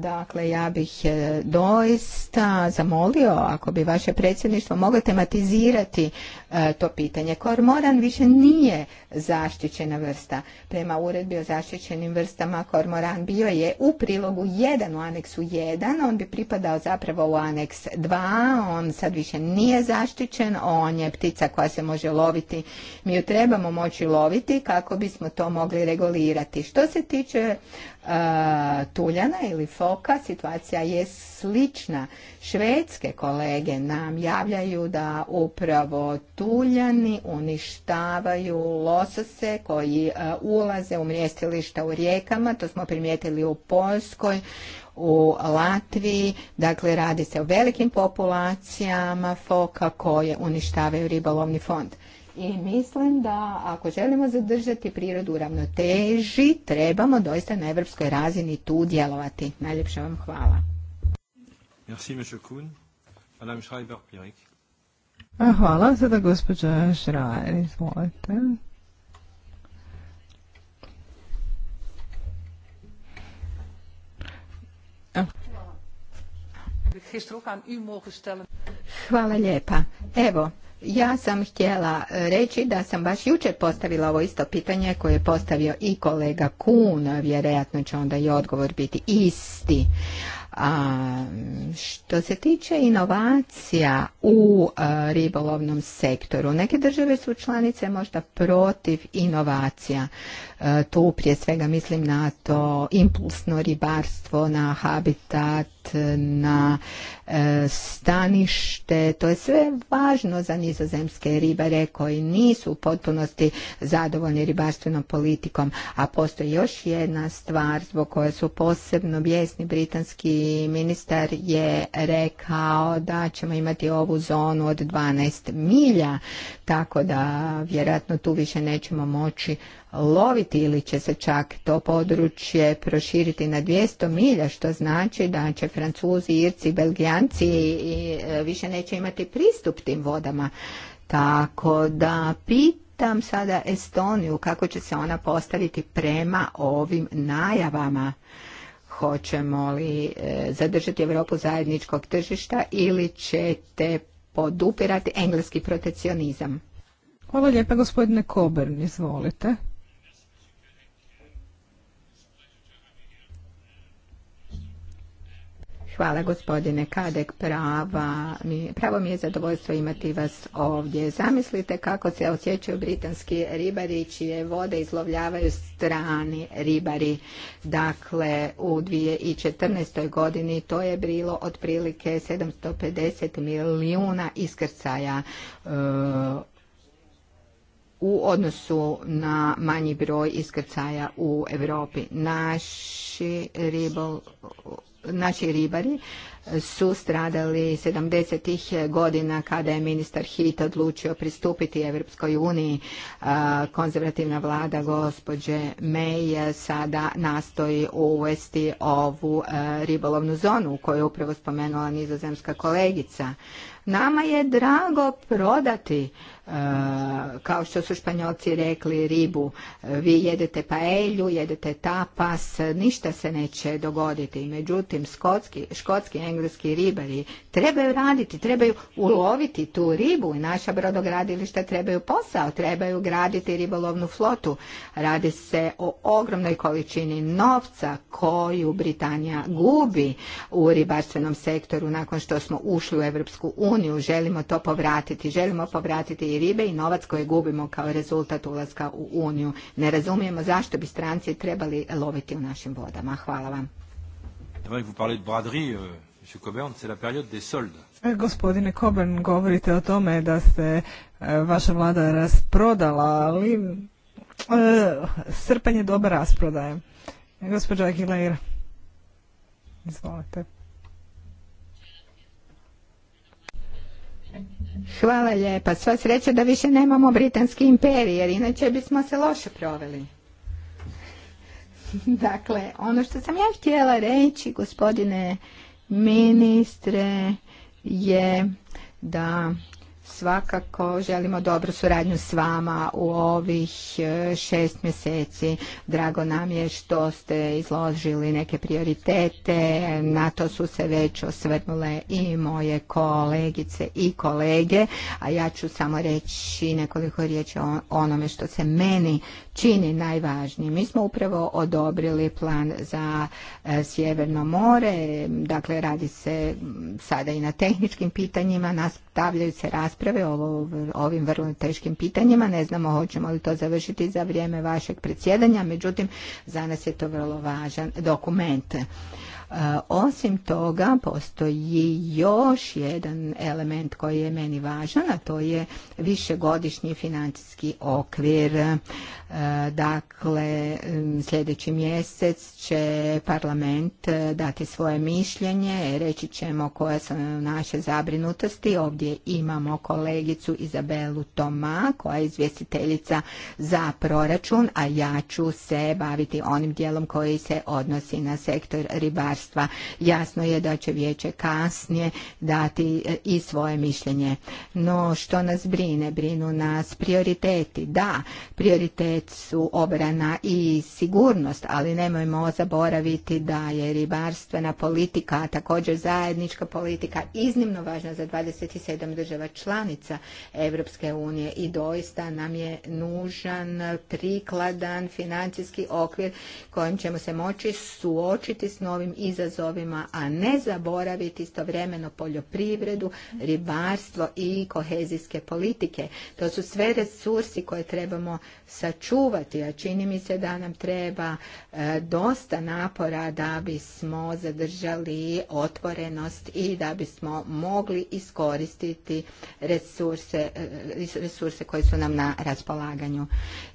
S3: Dakle, ja bih e, doista zamolio ako bi vaše predsjedništvo moglo tematizirati e, to pitanje. Kormoran više nije zaštićena vrsta. Prema uredbi o zaštićenim vrstama kormoran bio je u prilogu 1 u aneksu 1, on bi pripadao zapravo u aneks 2, on sad više nije zaštićen, on je ptica koja se može loviti. Mi ju trebamo moći loviti kako bismo to mogli regulirati. Što se tiče E, tuljana ili foka situacija je slična. Švedske kolege nam javljaju da upravo tuljani uništavaju losose koji e, ulaze u mjestilišta u rijekama, to smo primijetili u Poljskoj, u Latviji, dakle radi se o velikim populacijama foka koje uništavaju ribolovni fond. I mislim da ako želimo zadržati prirodu u ravnoteži, trebamo doista na evropskoj razini tu djelovati. Najljepše vam hvala.
S1: Merci, monsieur Kuhn. Madame schreiber
S2: Hvala. Sada gospođa Šrajer, izvolite.
S3: Hvala lijepa. Evo, ja sam htjela e, reći da sam baš jučer postavila ovo isto pitanje koje je postavio i kolega Kun, vjerojatno će onda i odgovor biti isti. A što se tiče inovacija u e, ribolovnom sektoru, neke države su članice možda protiv inovacija. A, e, tu prije svega mislim na to impulsno ribarstvo, na habitat, na e, stanište. To je sve važno za nizozemske ribare koji nisu u potpunosti zadovoljni ribarstvenom politikom. A postoji još jedna stvar zbog koje su posebno bijesni britanski ministar je rekao da ćemo imati ovu zonu od 12 milja, tako da vjerojatno tu više nećemo moći loviti ili će se čak to područje proširiti na 200 milja, što znači da će Francuzi, Irci, Belgijanci i e, više neće imati pristup tim vodama. Tako da pitam sada Estoniju kako će se ona postaviti prema ovim najavama hoćemo li e, zadržati Europu zajedničkog tržišta ili ćete podupirati engleski protekcionizam. Hvala lijepa gospodine Coburn, izvolite. Hvala gospodine Kadek, prava mi, pravo mi je zadovoljstvo imati vas ovdje. Zamislite kako se osjećaju britanski ribari čije vode izlovljavaju strani ribari. Dakle, u 2014. godini to je bilo otprilike 750 milijuna iskrcaja e, u odnosu na manji broj iskrcaja u Europi. Naši ribol, naši ribari su stradali 70. godina kada je ministar Hit odlučio pristupiti Evropskoj uniji. Konzervativna vlada gospođe May sada nastoji uvesti ovu ribolovnu zonu koju je upravo spomenula nizozemska kolegica. Nama je drago prodati, e, kao što su španjolci rekli, ribu. Vi jedete paelju, jedete tapas, ništa se neće dogoditi. Međutim, skotski, škotski, engleski ribari trebaju raditi, trebaju uloviti tu ribu i naša brodogradilišta trebaju posao, trebaju graditi ribolovnu flotu. Radi se o ogromnoj količini novca koju Britanija gubi u ribarstvenom sektoru nakon što smo ušli u Europsku uniju želimo to povratiti. Želimo povratiti i ribe i novac koji gubimo kao rezultat ulaska u uniju. Ne razumijemo zašto bi stranci trebali loviti u našim vodama. Hvala vam.
S1: Euh,
S2: e, gospodine Coburn, govorite o tome da se e, vaša vlada rasprodala, ali srpanje srpanj je doba rasprodaje. Gospođa Aguilera,
S3: Hvala lijepa. Sva sreća da više nemamo britanski imperij, jer inače bismo se loše proveli. dakle, ono što sam ja htjela reći, gospodine ministre, je da svakako želimo dobru suradnju s vama u ovih e, šest mjeseci. Drago nam je što ste izložili neke prioritete, na to su se već osvrnule i moje kolegice i kolege, a ja ću samo reći nekoliko riječi o onome što se meni čini najvažnije. Mi smo upravo odobrili plan za e, Sjeverno more, dakle radi se sada i na tehničkim pitanjima, nastavljaju se rasprave o ovim vrlo teškim pitanjima. Ne znamo hoćemo li to završiti za vrijeme vašeg predsjedanja, međutim za nas je to vrlo važan dokument. E, osim toga, postoji još jedan element koji je meni važan, a to je višegodišnji financijski okvir. Dakle, sljedeći mjesec će parlament e, dati svoje mišljenje, reći ćemo koje su naše zabrinutosti. Ovdje imamo kolegicu Izabelu Toma koja je izvjestiteljica za proračun, a ja ću se baviti onim dijelom koji se odnosi na sektor ribarstva. Jasno je da će vijeće kasnije dati e, i svoje mišljenje. No što nas brine? Brinu nas prioriteti. Da, prioriteti su obrana i sigurnost, ali nemojmo zaboraviti da je ribarstvena politika, a također zajednička politika iznimno važna za 27 država članica Europske unije i doista nam je nužan prikladan financijski okvir kojim ćemo se moći suočiti s novim izazovima, a ne zaboraviti istovremeno poljoprivredu, ribarstvo i kohezijske politike. To su sve resursi koje trebamo sačuvati čuvati, a čini mi se da nam treba e, dosta napora da bismo zadržali otvorenost i da bismo mogli iskoristiti resurse, e, resurse koji su nam na raspolaganju.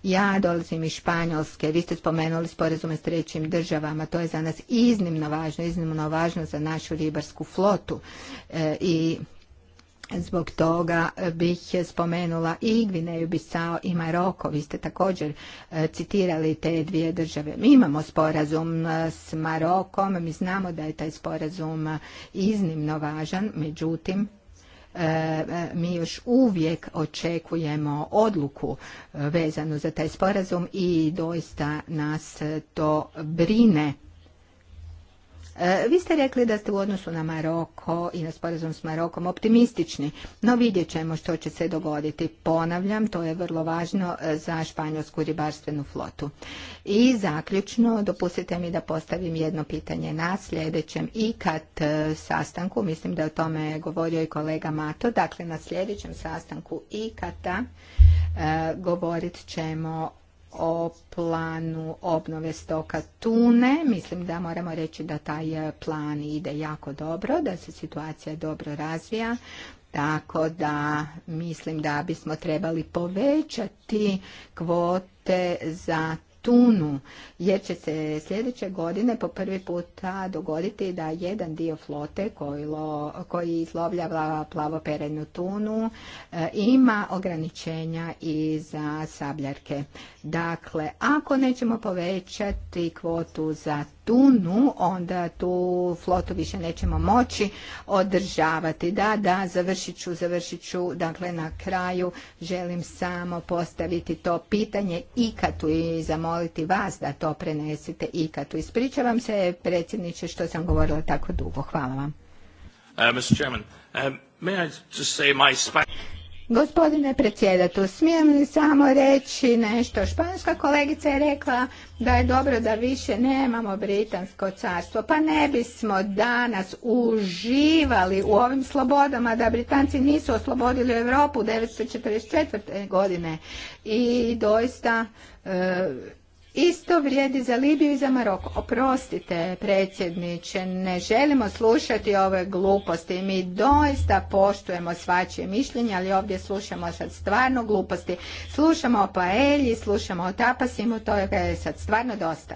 S3: Ja dolazim iz Španjolske, vi ste spomenuli sporazume s trećim državama, to je za nas iznimno važno, iznimno važno za našu ribarsku flotu e, i Zbog toga e, bih spomenula i Gvineju Bisao i Maroko. Vi ste također e, citirali te dvije države. Mi imamo sporazum e, s Marokom, mi znamo da je taj sporazum iznimno važan, međutim mi još uvijek očekujemo odluku vezanu za taj sporazum i doista nas to brine E, vi ste rekli da ste u odnosu na Maroko i na sporazum s Marokom optimistični, no vidjet ćemo što će se dogoditi. Ponavljam, to je vrlo važno e, za španjolsku ribarstvenu flotu. I zaključno, dopustite mi da postavim jedno pitanje na sljedećem kad e, sastanku, mislim da je o tome govorio i kolega Mato, dakle na sljedećem sastanku IKATA govorit ćemo o planu obnove stoka tune. Mislim da moramo reći da taj e, plan ide jako dobro, da se situacija dobro razvija. Tako da mislim da bismo trebali povećati kvote za tunu, jer će se sljedeće godine po prvi puta dogoditi da jedan dio flote koji, izlovlja koji plavoperenu tunu e, ima ograničenja i za sabljarke. Dakle, ako nećemo povećati kvotu za tunu, onda tu flotu više nećemo moći održavati. Da, da, završit ću, završit ću. Dakle, na kraju želim samo postaviti to pitanje ikatu i zamoliti vas da to prenesete ikatu. Ispričavam se, predsjedniče, što sam govorila tako dugo. Hvala vam.
S1: Uh, Mr. Chairman, um, may I just say my...
S3: Gospodine predsjedatu, smijem li samo reći nešto? Španska kolegica je rekla da je dobro da više nemamo Britansko carstvo. Pa ne bismo danas uživali u ovim slobodama da Britanci nisu oslobodili Europu 1944. godine. I doista... E, Isto vrijedi za Libiju i za Maroko. Oprostite, predsjedniče, ne želimo slušati ove gluposti. Mi doista poštujemo svačije mišljenje, ali ovdje slušamo sad stvarno gluposti. Slušamo o paelji, slušamo o tapasima, to je sad stvarno dosta.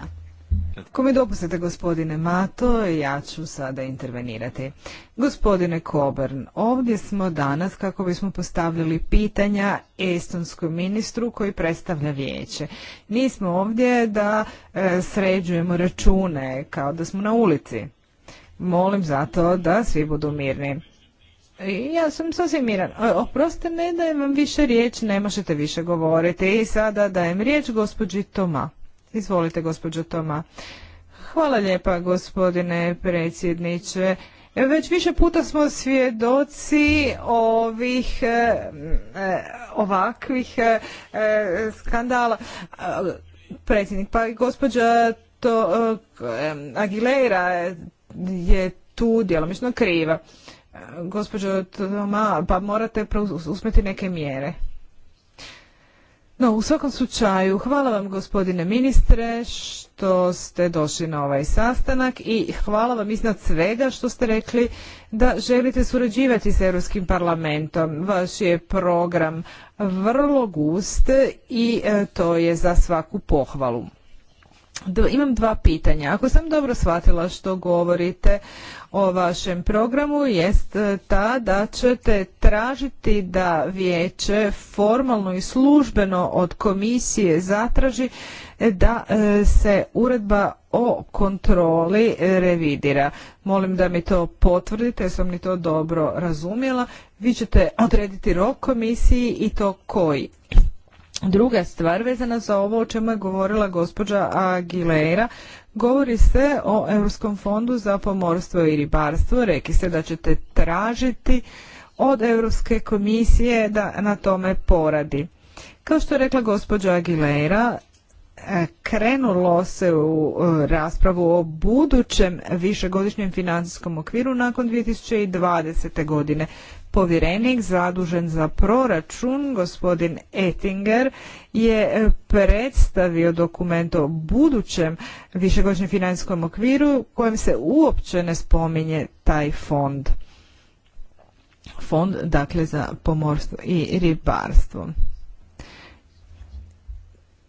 S2: Ako mi dopustite gospodine Mato, ja ću sada intervenirati. Gospodine Coburn, ovdje smo danas kako bismo postavljali pitanja estonskom ministru koji predstavlja vijeće. Nismo ovdje da e, sređujemo račune kao da smo na ulici. Molim zato da svi budu mirni. Ja sam sasvim miran. Oprostite ne dajem vam više riječ, ne možete više govoriti. I sada dajem riječ gospođi Toma. Izvolite, gospođo Toma. Hvala lijepa, gospodine predsjedniče. Već više puta smo svjedoci ovih e, e, ovakvih e, skandala. Predsjednik, pa gospođa to, Aguilera je tu djelomično kriva. Gospođo Toma, pa morate usmeti neke mjere. No, u svakom slučaju, hvala vam gospodine ministre što ste došli na ovaj sastanak i hvala vam iznad svega što ste rekli da želite surađivati s Europskim parlamentom. Vaš je program vrlo gust i e, to je za svaku pohvalu imam dva pitanja. Ako sam dobro shvatila što govorite o vašem programu, jest e, ta da ćete tražiti da vijeće formalno i službeno od komisije zatraži e, da e, se uredba o kontroli revidira. Molim da mi to potvrdite, jer sam li to dobro razumjela. Vi ćete odrediti rok komisiji i to koji? Druga stvar vezana za ovo o čemu je govorila gospođa Aguilera, govori se o Europskom fondu za pomorstvo i ribarstvo. reki ste da ćete tražiti od Europske komisije da na tome poradi. Kao što je rekla gospođa Aguilera, e, krenulo se u e, raspravu o budućem višegodišnjem financijskom okviru nakon 2020. godine povjerenik zadužen za proračun, gospodin Ettinger, je predstavio dokument o budućem višegodišnjem financijskom okviru kojem se uopće ne spominje taj fond. Fond dakle za pomorstvo i ribarstvo.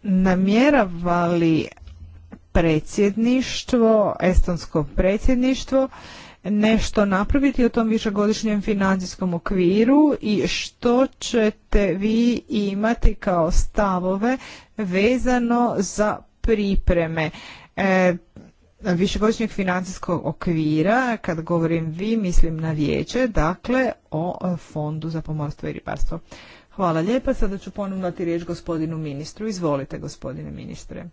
S2: Namjerava li predsjedništvo, estonsko predsjedništvo, nešto napraviti o tom višegodišnjem financijskom okviru i što ćete vi imati kao stavove vezano za pripreme e, višegodišnjeg financijskog okvira, kad govorim vi, mislim na vijeće, dakle o fondu za pomorstvo i ribarstvo. Hvala lijepa, sada ću ponovno dati riječ gospodinu ministru. Izvolite gospodine ministre.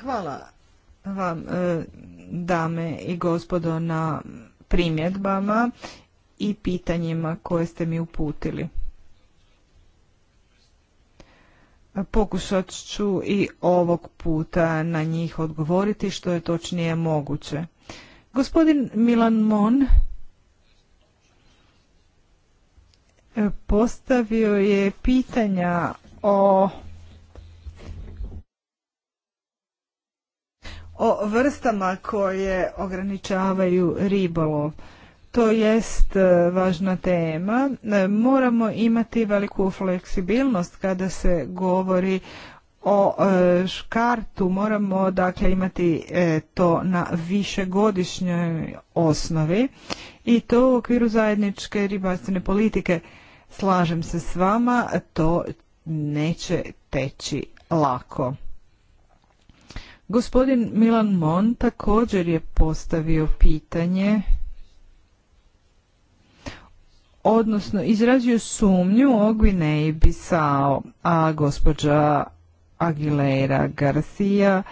S2: Hvala vam, e, dame i gospodo, na primjedbama i pitanjima koje ste mi uputili. Pokušat ću i ovog puta na njih odgovoriti što je točnije moguće. Gospodin Milan Mon e, postavio je pitanja o o vrstama koje ograničavaju ribolov. To jest e, važna tema. E, moramo imati veliku fleksibilnost kada se govori o e, škartu. Moramo dakle imati to na višegodišnjoj osnovi i to u okviru zajedničke ribarstvene politike. Slažem se s vama, to neće teći lako. Gospodin Milan Mon također je postavio pitanje odnosno izrazio sumnju o Gvineji Bisao, a gospođa Aguilera Garcia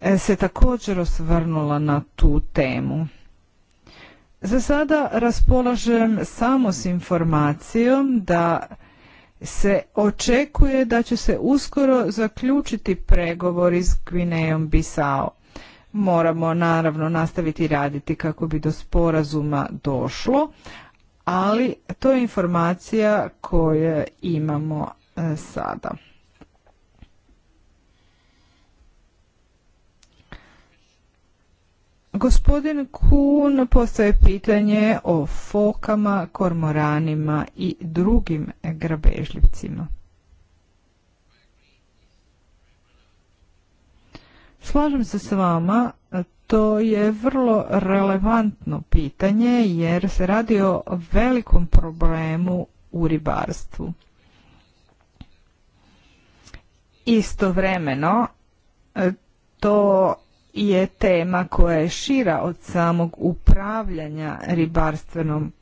S2: e, se također osvrnula na tu temu. Za sada raspolažem samo s informacijom da se očekuje da će se uskoro zaključiti pregovori s Gvinejom Bisao. Moramo naravno nastaviti raditi kako bi do sporazuma došlo, ali to je informacija koju imamo e, sada. Gospodin Kun postoje pitanje o fokama, kormoranima i drugim grabežljivcima. Slažem se s vama, to je vrlo relevantno pitanje jer se radi o velikom problemu u ribarstvu. Istovremeno to je tema koja je šira od samog upravljanja ribarstvenom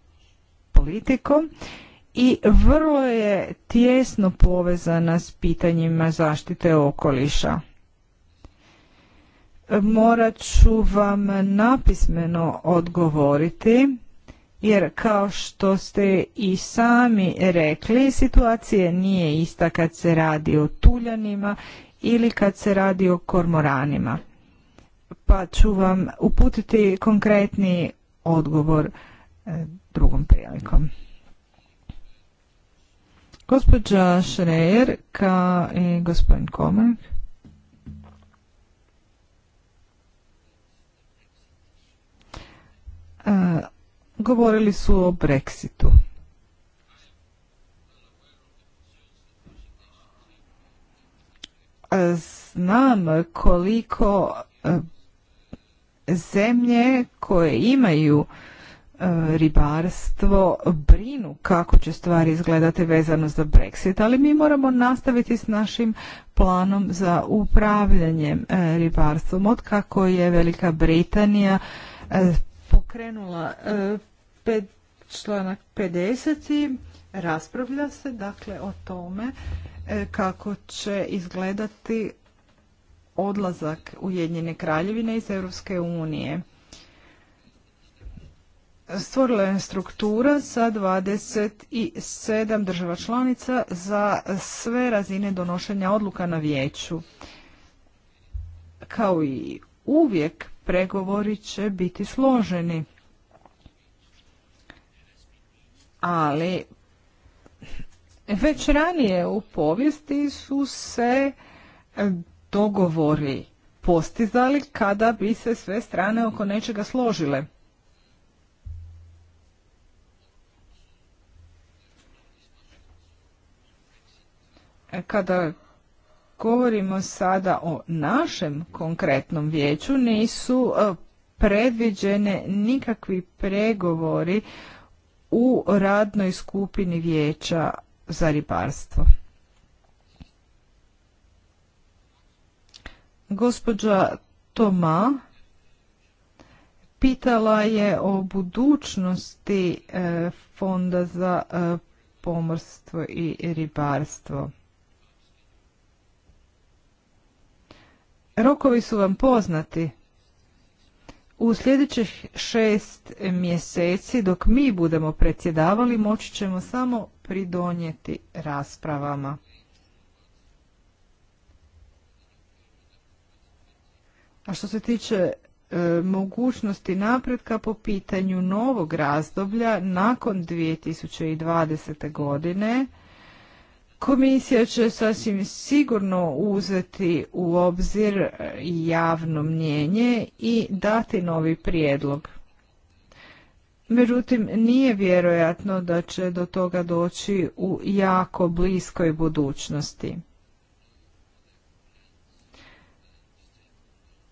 S2: politikom i vrlo je tjesno povezana s pitanjima zaštite okoliša. Morat ću vam napismeno odgovoriti jer kao što ste i sami rekli, situacija nije ista kad se radi o tuljanima ili kad se radi o kormoranima pa ću vam uputiti konkretni odgovor e, drugom prilikom. Gospođa Šrejer ka i gospodin Komak. E, govorili su o Brexitu. E, znam koliko zemlje koje imaju e, ribarstvo brinu kako će stvari izgledati vezano za Brexit, ali mi moramo nastaviti s našim planom za upravljanje e, ribarstvom. Od kako je Velika Britanija e, pokrenula članak 50 raspravlja se dakle o tome kako će izgledati odlazak Ujedinjene kraljevine iz Europske unije. Stvorila je struktura sa 27 država članica za sve razine donošenja odluka na vijeću. Kao i uvijek pregovori će biti složeni. Ali već ranije u povijesti su se dogovori postizali kada bi se sve strane oko nečega složile. E, kada govorimo sada o našem konkretnom vijeću, nisu e, predviđene nikakvi pregovori u radnoj skupini vijeća za ribarstvo. Gospođa Toma pitala je o budućnosti e, Fonda za e, pomorstvo i ribarstvo. Rokovi su vam poznati. U sljedećih šest mjeseci dok mi budemo predsjedavali moći ćemo samo pridonijeti raspravama. A što se tiče e, mogućnosti napretka po pitanju novog razdoblja nakon 2020. godine, Komisija će sasvim sigurno uzeti u obzir javno mnjenje i dati novi prijedlog. Međutim, nije vjerojatno da će do toga doći u jako bliskoj budućnosti.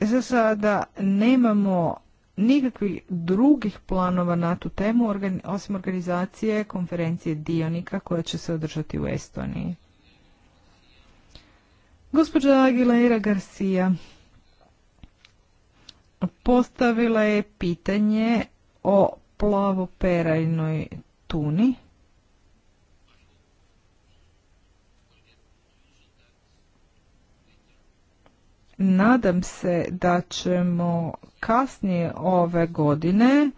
S2: za sada nemamo nikakvih drugih planova na tu temu, osim organizacije konferencije dionika koja će se održati u Estoniji. Gospođa Aguilera Garcia postavila je pitanje o plavoperajnoj tuni. Nadam se da ćemo kasnije ove godine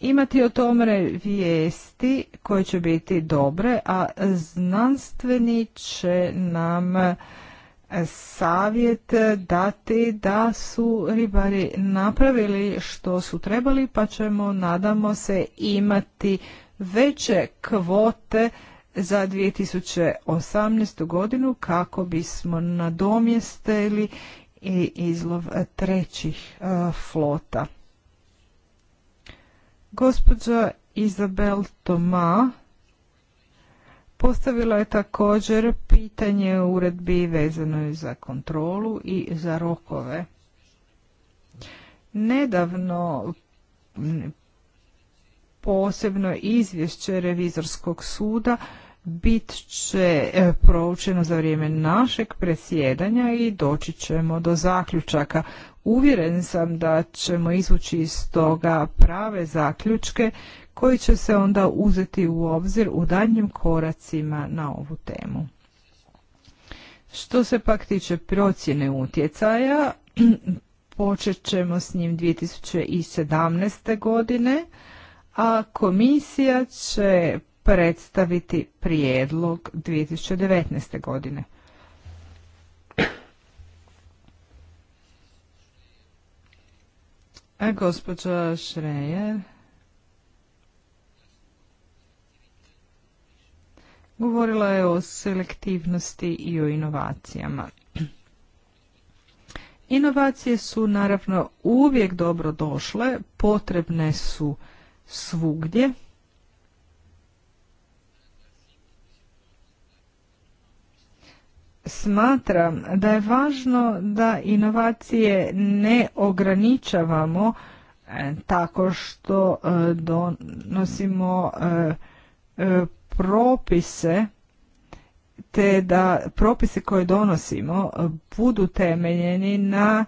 S2: imati o tome vijesti koje će biti dobre, a znanstveni će nam savjet dati da su ribari napravili što su trebali, pa ćemo, nadamo se, imati veće kvote za 2018. godinu kako bismo nadomjestili i izlov trećih e, flota. Gospođa Izabel Toma postavila je također pitanje o uredbi vezanoj za kontrolu i za rokove. Nedavno posebno izvješće revizorskog suda bit će e, proučeno za vrijeme našeg presjedanja i doći ćemo do zaključaka. Uvjeren sam da ćemo izvući iz toga prave zaključke koji će se onda uzeti u obzir u daljnjim koracima na ovu temu. Što se pak tiče procjene utjecaja, počet ćemo s njim 2017. godine, a komisija će predstaviti prijedlog 2019. godine. A gospođa Šrejer govorila je o selektivnosti i o inovacijama. Inovacije su naravno uvijek dobro došle, potrebne su svugdje. smatram da je važno da inovacije ne ograničavamo e, tako što e, donosimo e, propise te da propise koje donosimo budu temeljeni na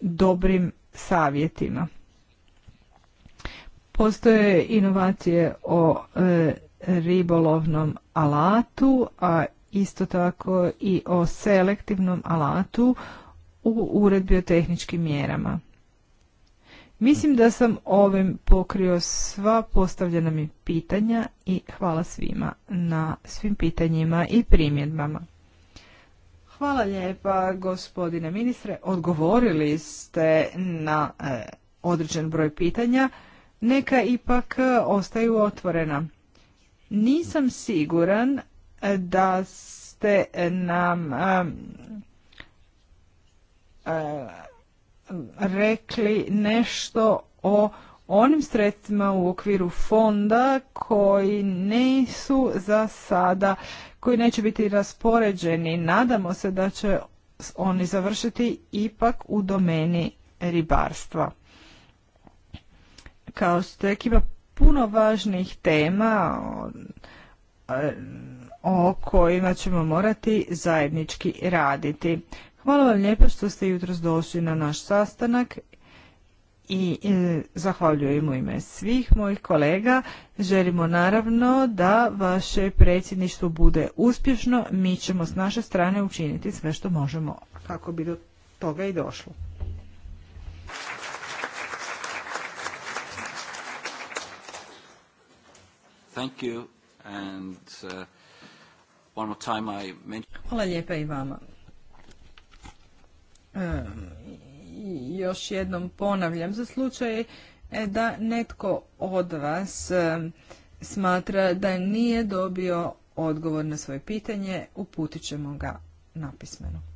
S2: dobrim savjetima. Postoje inovacije o ribolovnom alatu, a isto tako i o selektivnom alatu u uredbi o tehničkim mjerama. Mislim da sam ovim pokrio sva postavljena mi pitanja i hvala svima na svim pitanjima i primjedbama. Hvala lijepa gospodine ministre, odgovorili ste na e, određen broj pitanja, neka ipak e, ostaju otvorena. Nisam siguran da ste nam eh, eh, rekli nešto o onim sredstvima u okviru fonda koji nisu za sada, koji neće biti raspoređeni. Nadamo se da će oni završiti ipak u domeni ribarstva. Kao što je puno važnih tema, eh, o kojima ćemo morati zajednički raditi. Hvala vam lijepo što ste jutros došli na naš sastanak i e, zahvaljujem u ime svih mojih kolega. Želimo naravno da vaše predsjedništvo bude uspješno. Mi ćemo s naše strane učiniti sve što možemo kako bi do toga i došlo.
S3: Thank you and, uh,
S2: Hvala lijepa i vama. E, još jednom ponavljam za slučaj e, da netko od vas e, smatra da nije dobio odgovor na svoje pitanje, uputit ćemo ga napismeno.